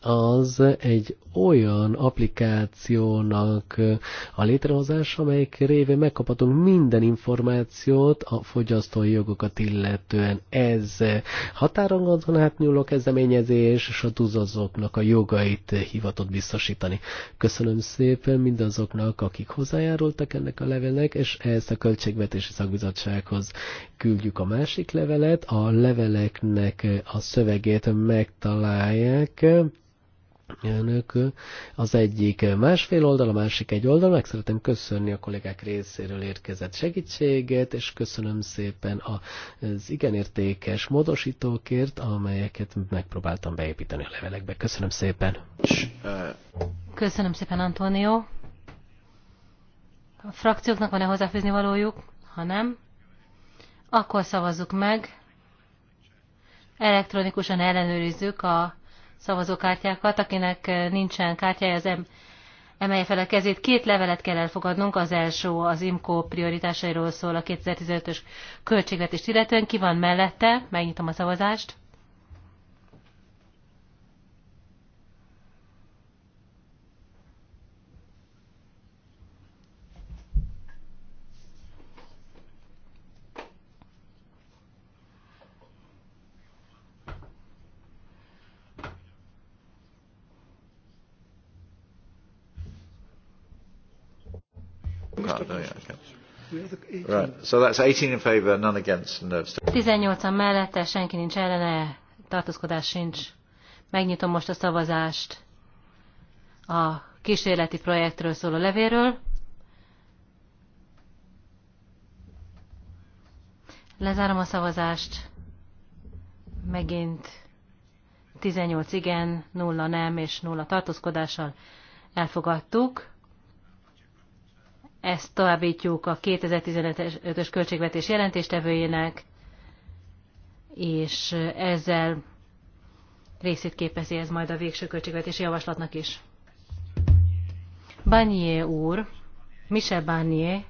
[SPEAKER 1] az egy olyan applikációnak a létrehozása, amelyik révén megkaphatunk minden információt a fogyasztói jogokat illetően. Ez határon átnyúló kezdeményezés, és a duzazoknak a jogait hivatott biztosítani. Köszönöm szépen mindazoknak, akik hozzájárultak ennek a levelnek, és ezt a Költségvetési Szakbizottsághoz küldjük a másik levelet. A leveleknek a szövegét megtalálják elnök az egyik másfél oldal, a másik egy oldal. Meg szeretném köszönni a kollégák részéről érkezett segítséget, és köszönöm szépen az igen értékes módosítókért, amelyeket megpróbáltam beépíteni a levelekbe. Köszönöm szépen.
[SPEAKER 2] Köszönöm szépen, Antonio. A frakcióknak van-e hozzáfűzni valójuk? Ha nem, akkor szavazzuk meg. Elektronikusan ellenőrizzük a szavazókártyákat. Akinek eh, nincsen kártyája, az em emelje fel a kezét. Két levelet kell elfogadnunk. Az első az IMCO prioritásairól szól a 2015-ös költségvetést illetően. Ki van mellette? Megnyitom a szavazást. 18 mellette, senki nincs ellene, tartózkodás sincs. Megnyitom most a szavazást a kísérleti projektről szóló levéről. Lezárom a szavazást. Megint 18 igen, 0 nem és 0 tartózkodással elfogadtuk. Ezt továbbítjuk a 2015-ös költségvetés jelentéstevőjének, és ezzel részét képezi ez majd a végső költségvetési javaslatnak is. Barnier úr, Michel Barnier,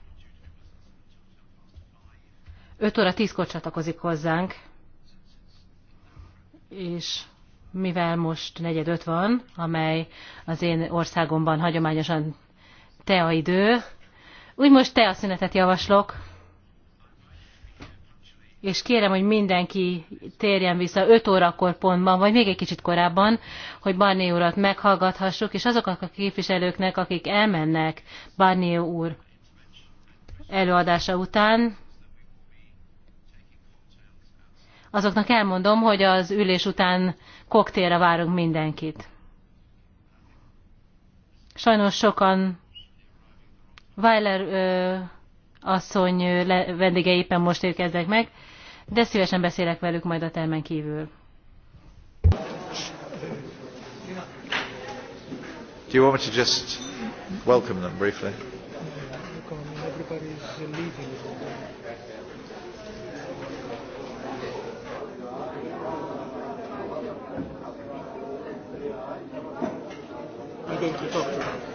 [SPEAKER 2] 5 óra 10-kor csatlakozik hozzánk, és mivel most negyed öt van, amely az én országomban hagyományosan a idő, úgy most te a szünetet javaslok, és kérem, hogy mindenki térjen vissza 5 órakor pontban, vagy még egy kicsit korábban, hogy Barné urat meghallgathassuk, és azoknak a képviselőknek, akik elmennek Barné úr előadása után, azoknak elmondom, hogy az ülés után koktélra várunk mindenkit. Sajnos sokan Weiler ö, asszony le, vendége éppen most érkeznek meg, de szívesen beszélek velük majd a termen kívül.
[SPEAKER 3] Do you want me to just welcome them briefly?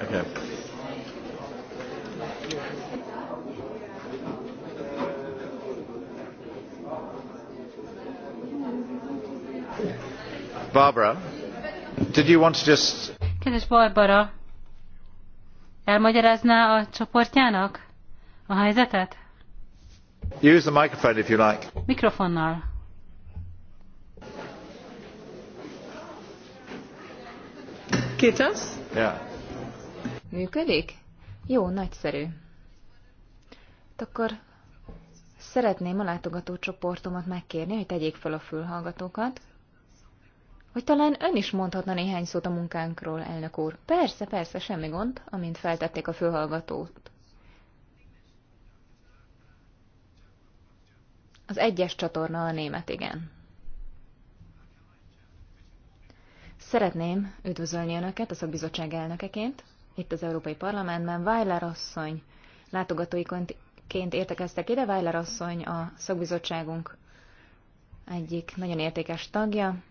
[SPEAKER 3] Okay. Barbara, did you want to just...
[SPEAKER 2] Kedves Barbara, elmagyarázná a csoportjának a helyzetet? Use the microphone if you like.
[SPEAKER 3] Mikrofonnal. Geht Yeah. Működik? Jó, nagyszerű. Hát akkor szeretném a látogató csoportomat megkérni, hogy tegyék fel a fülhallgatókat hogy talán ön is mondhatna néhány szót a munkánkról, elnök úr. Persze, persze, semmi gond, amint feltették a főhallgatót. Az egyes csatorna a német, igen. Szeretném üdvözölni Önöket a szakbizottság elnökeként, itt az Európai Parlamentben. Weiler asszony látogatóiként értekeztek ide. Weiler asszony a szakbizottságunk egyik nagyon értékes tagja,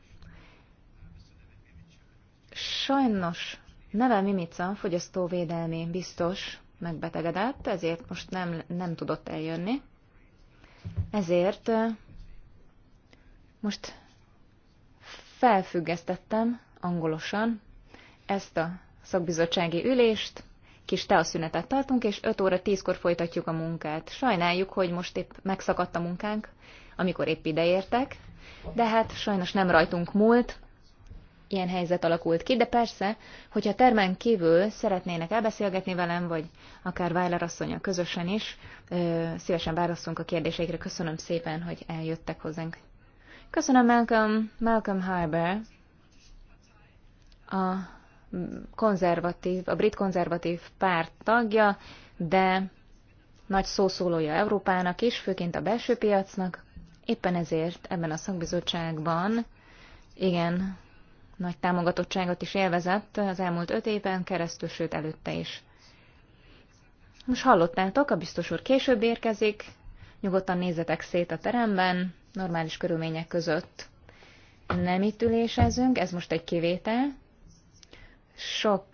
[SPEAKER 3] Sajnos neve Mimica, fogyasztóvédelmi biztos megbetegedett, ezért most nem, nem tudott eljönni. Ezért most felfüggesztettem angolosan ezt a szakbizottsági ülést, kis teaszünetet tartunk, és 5 óra 10-kor folytatjuk a munkát. Sajnáljuk, hogy most épp megszakadt a munkánk, amikor épp ideértek, de hát sajnos nem rajtunk múlt, ilyen helyzet alakult ki, de persze, hogyha termen kívül szeretnének elbeszélgetni velem, vagy akár Weiler asszonya közösen is, szívesen válaszolunk a kérdéseikre. Köszönöm szépen, hogy eljöttek hozzánk. Köszönöm Malcolm, Malcolm Harbour, a konzervatív, a brit konzervatív párt tagja, de nagy szószólója Európának is, főként a belső piacnak. Éppen ezért ebben a szakbizottságban igen nagy támogatottságot is élvezett az elmúlt öt évben keresztül, sőt előtte is. Most hallottátok, a biztos úr később érkezik, nyugodtan nézzetek szét a teremben, normális körülmények között. Nem itt ülésezünk, ez most egy kivétel. Sok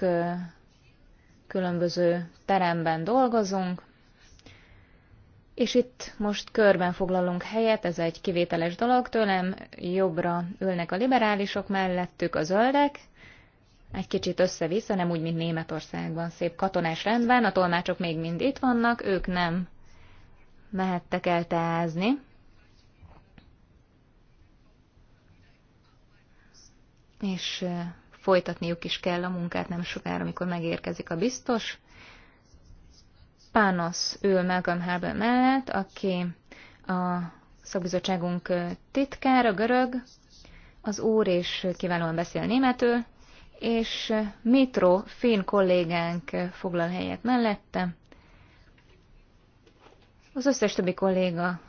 [SPEAKER 3] különböző teremben dolgozunk, és itt most körben foglalunk helyet, ez egy kivételes dolog tőlem, jobbra ülnek a liberálisok, mellettük a zöldek, egy kicsit össze-vissza, nem úgy, mint Németországban, szép katonás rendben, a tolmácsok még mind itt vannak, ők nem mehettek el teázni. És eh, folytatniuk is kell a munkát nem sokára, amikor megérkezik a biztos. Pános ül Malcolm Harbour mellett, aki a szakbizottságunk titkára, görög, az úr és kiválóan beszél németül, és Mitro, finn kollégánk foglal helyet mellette. Az összes többi kolléga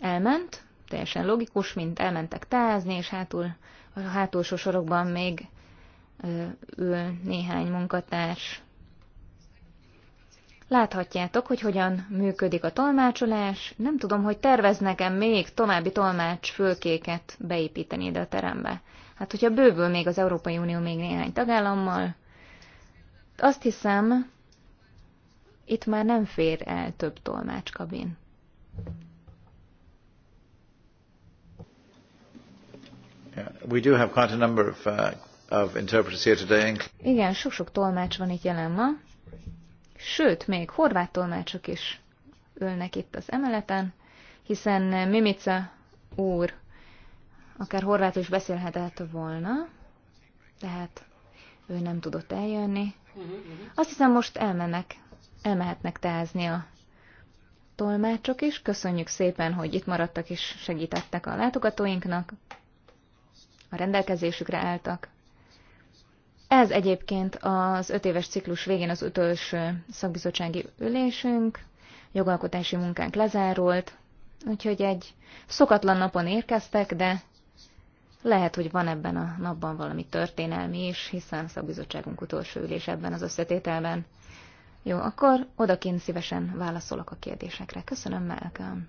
[SPEAKER 3] elment, teljesen logikus, mint elmentek tázni, és hátul, a hátulsó sorokban még ül néhány munkatárs. Láthatjátok, hogy hogyan működik a tolmácsolás. Nem tudom, hogy terveznek-e még további tolmács fölkéket beépíteni ide a terembe. Hát, hogyha bővül még az Európai Unió még néhány tagállammal, azt hiszem, itt már nem fér el több tolmácskabin.
[SPEAKER 1] We do have quite a number of, uh, of interpreters here today.
[SPEAKER 3] Igen, sok-sok tolmács van itt jelen ma sőt, még horvát tolmácsok is ülnek itt az emeleten, hiszen Mimica úr akár horvátul is beszélhetett volna, tehát ő nem tudott eljönni. Mhm, Azt hiszem, most elmennek, elmehetnek tázni a tolmácsok is. Köszönjük szépen, hogy itt maradtak és segítettek a látogatóinknak. A rendelkezésükre álltak. Ez egyébként az öt éves ciklus végén az utolsó szakbizottsági ülésünk, jogalkotási munkánk lezárult, úgyhogy egy szokatlan napon érkeztek, de lehet, hogy van ebben a napban valami történelmi is, hiszen a szakbizottságunk utolsó ülés ebben az összetételben. Jó, akkor odakint szívesen válaszolok a kérdésekre. Köszönöm, Melkem.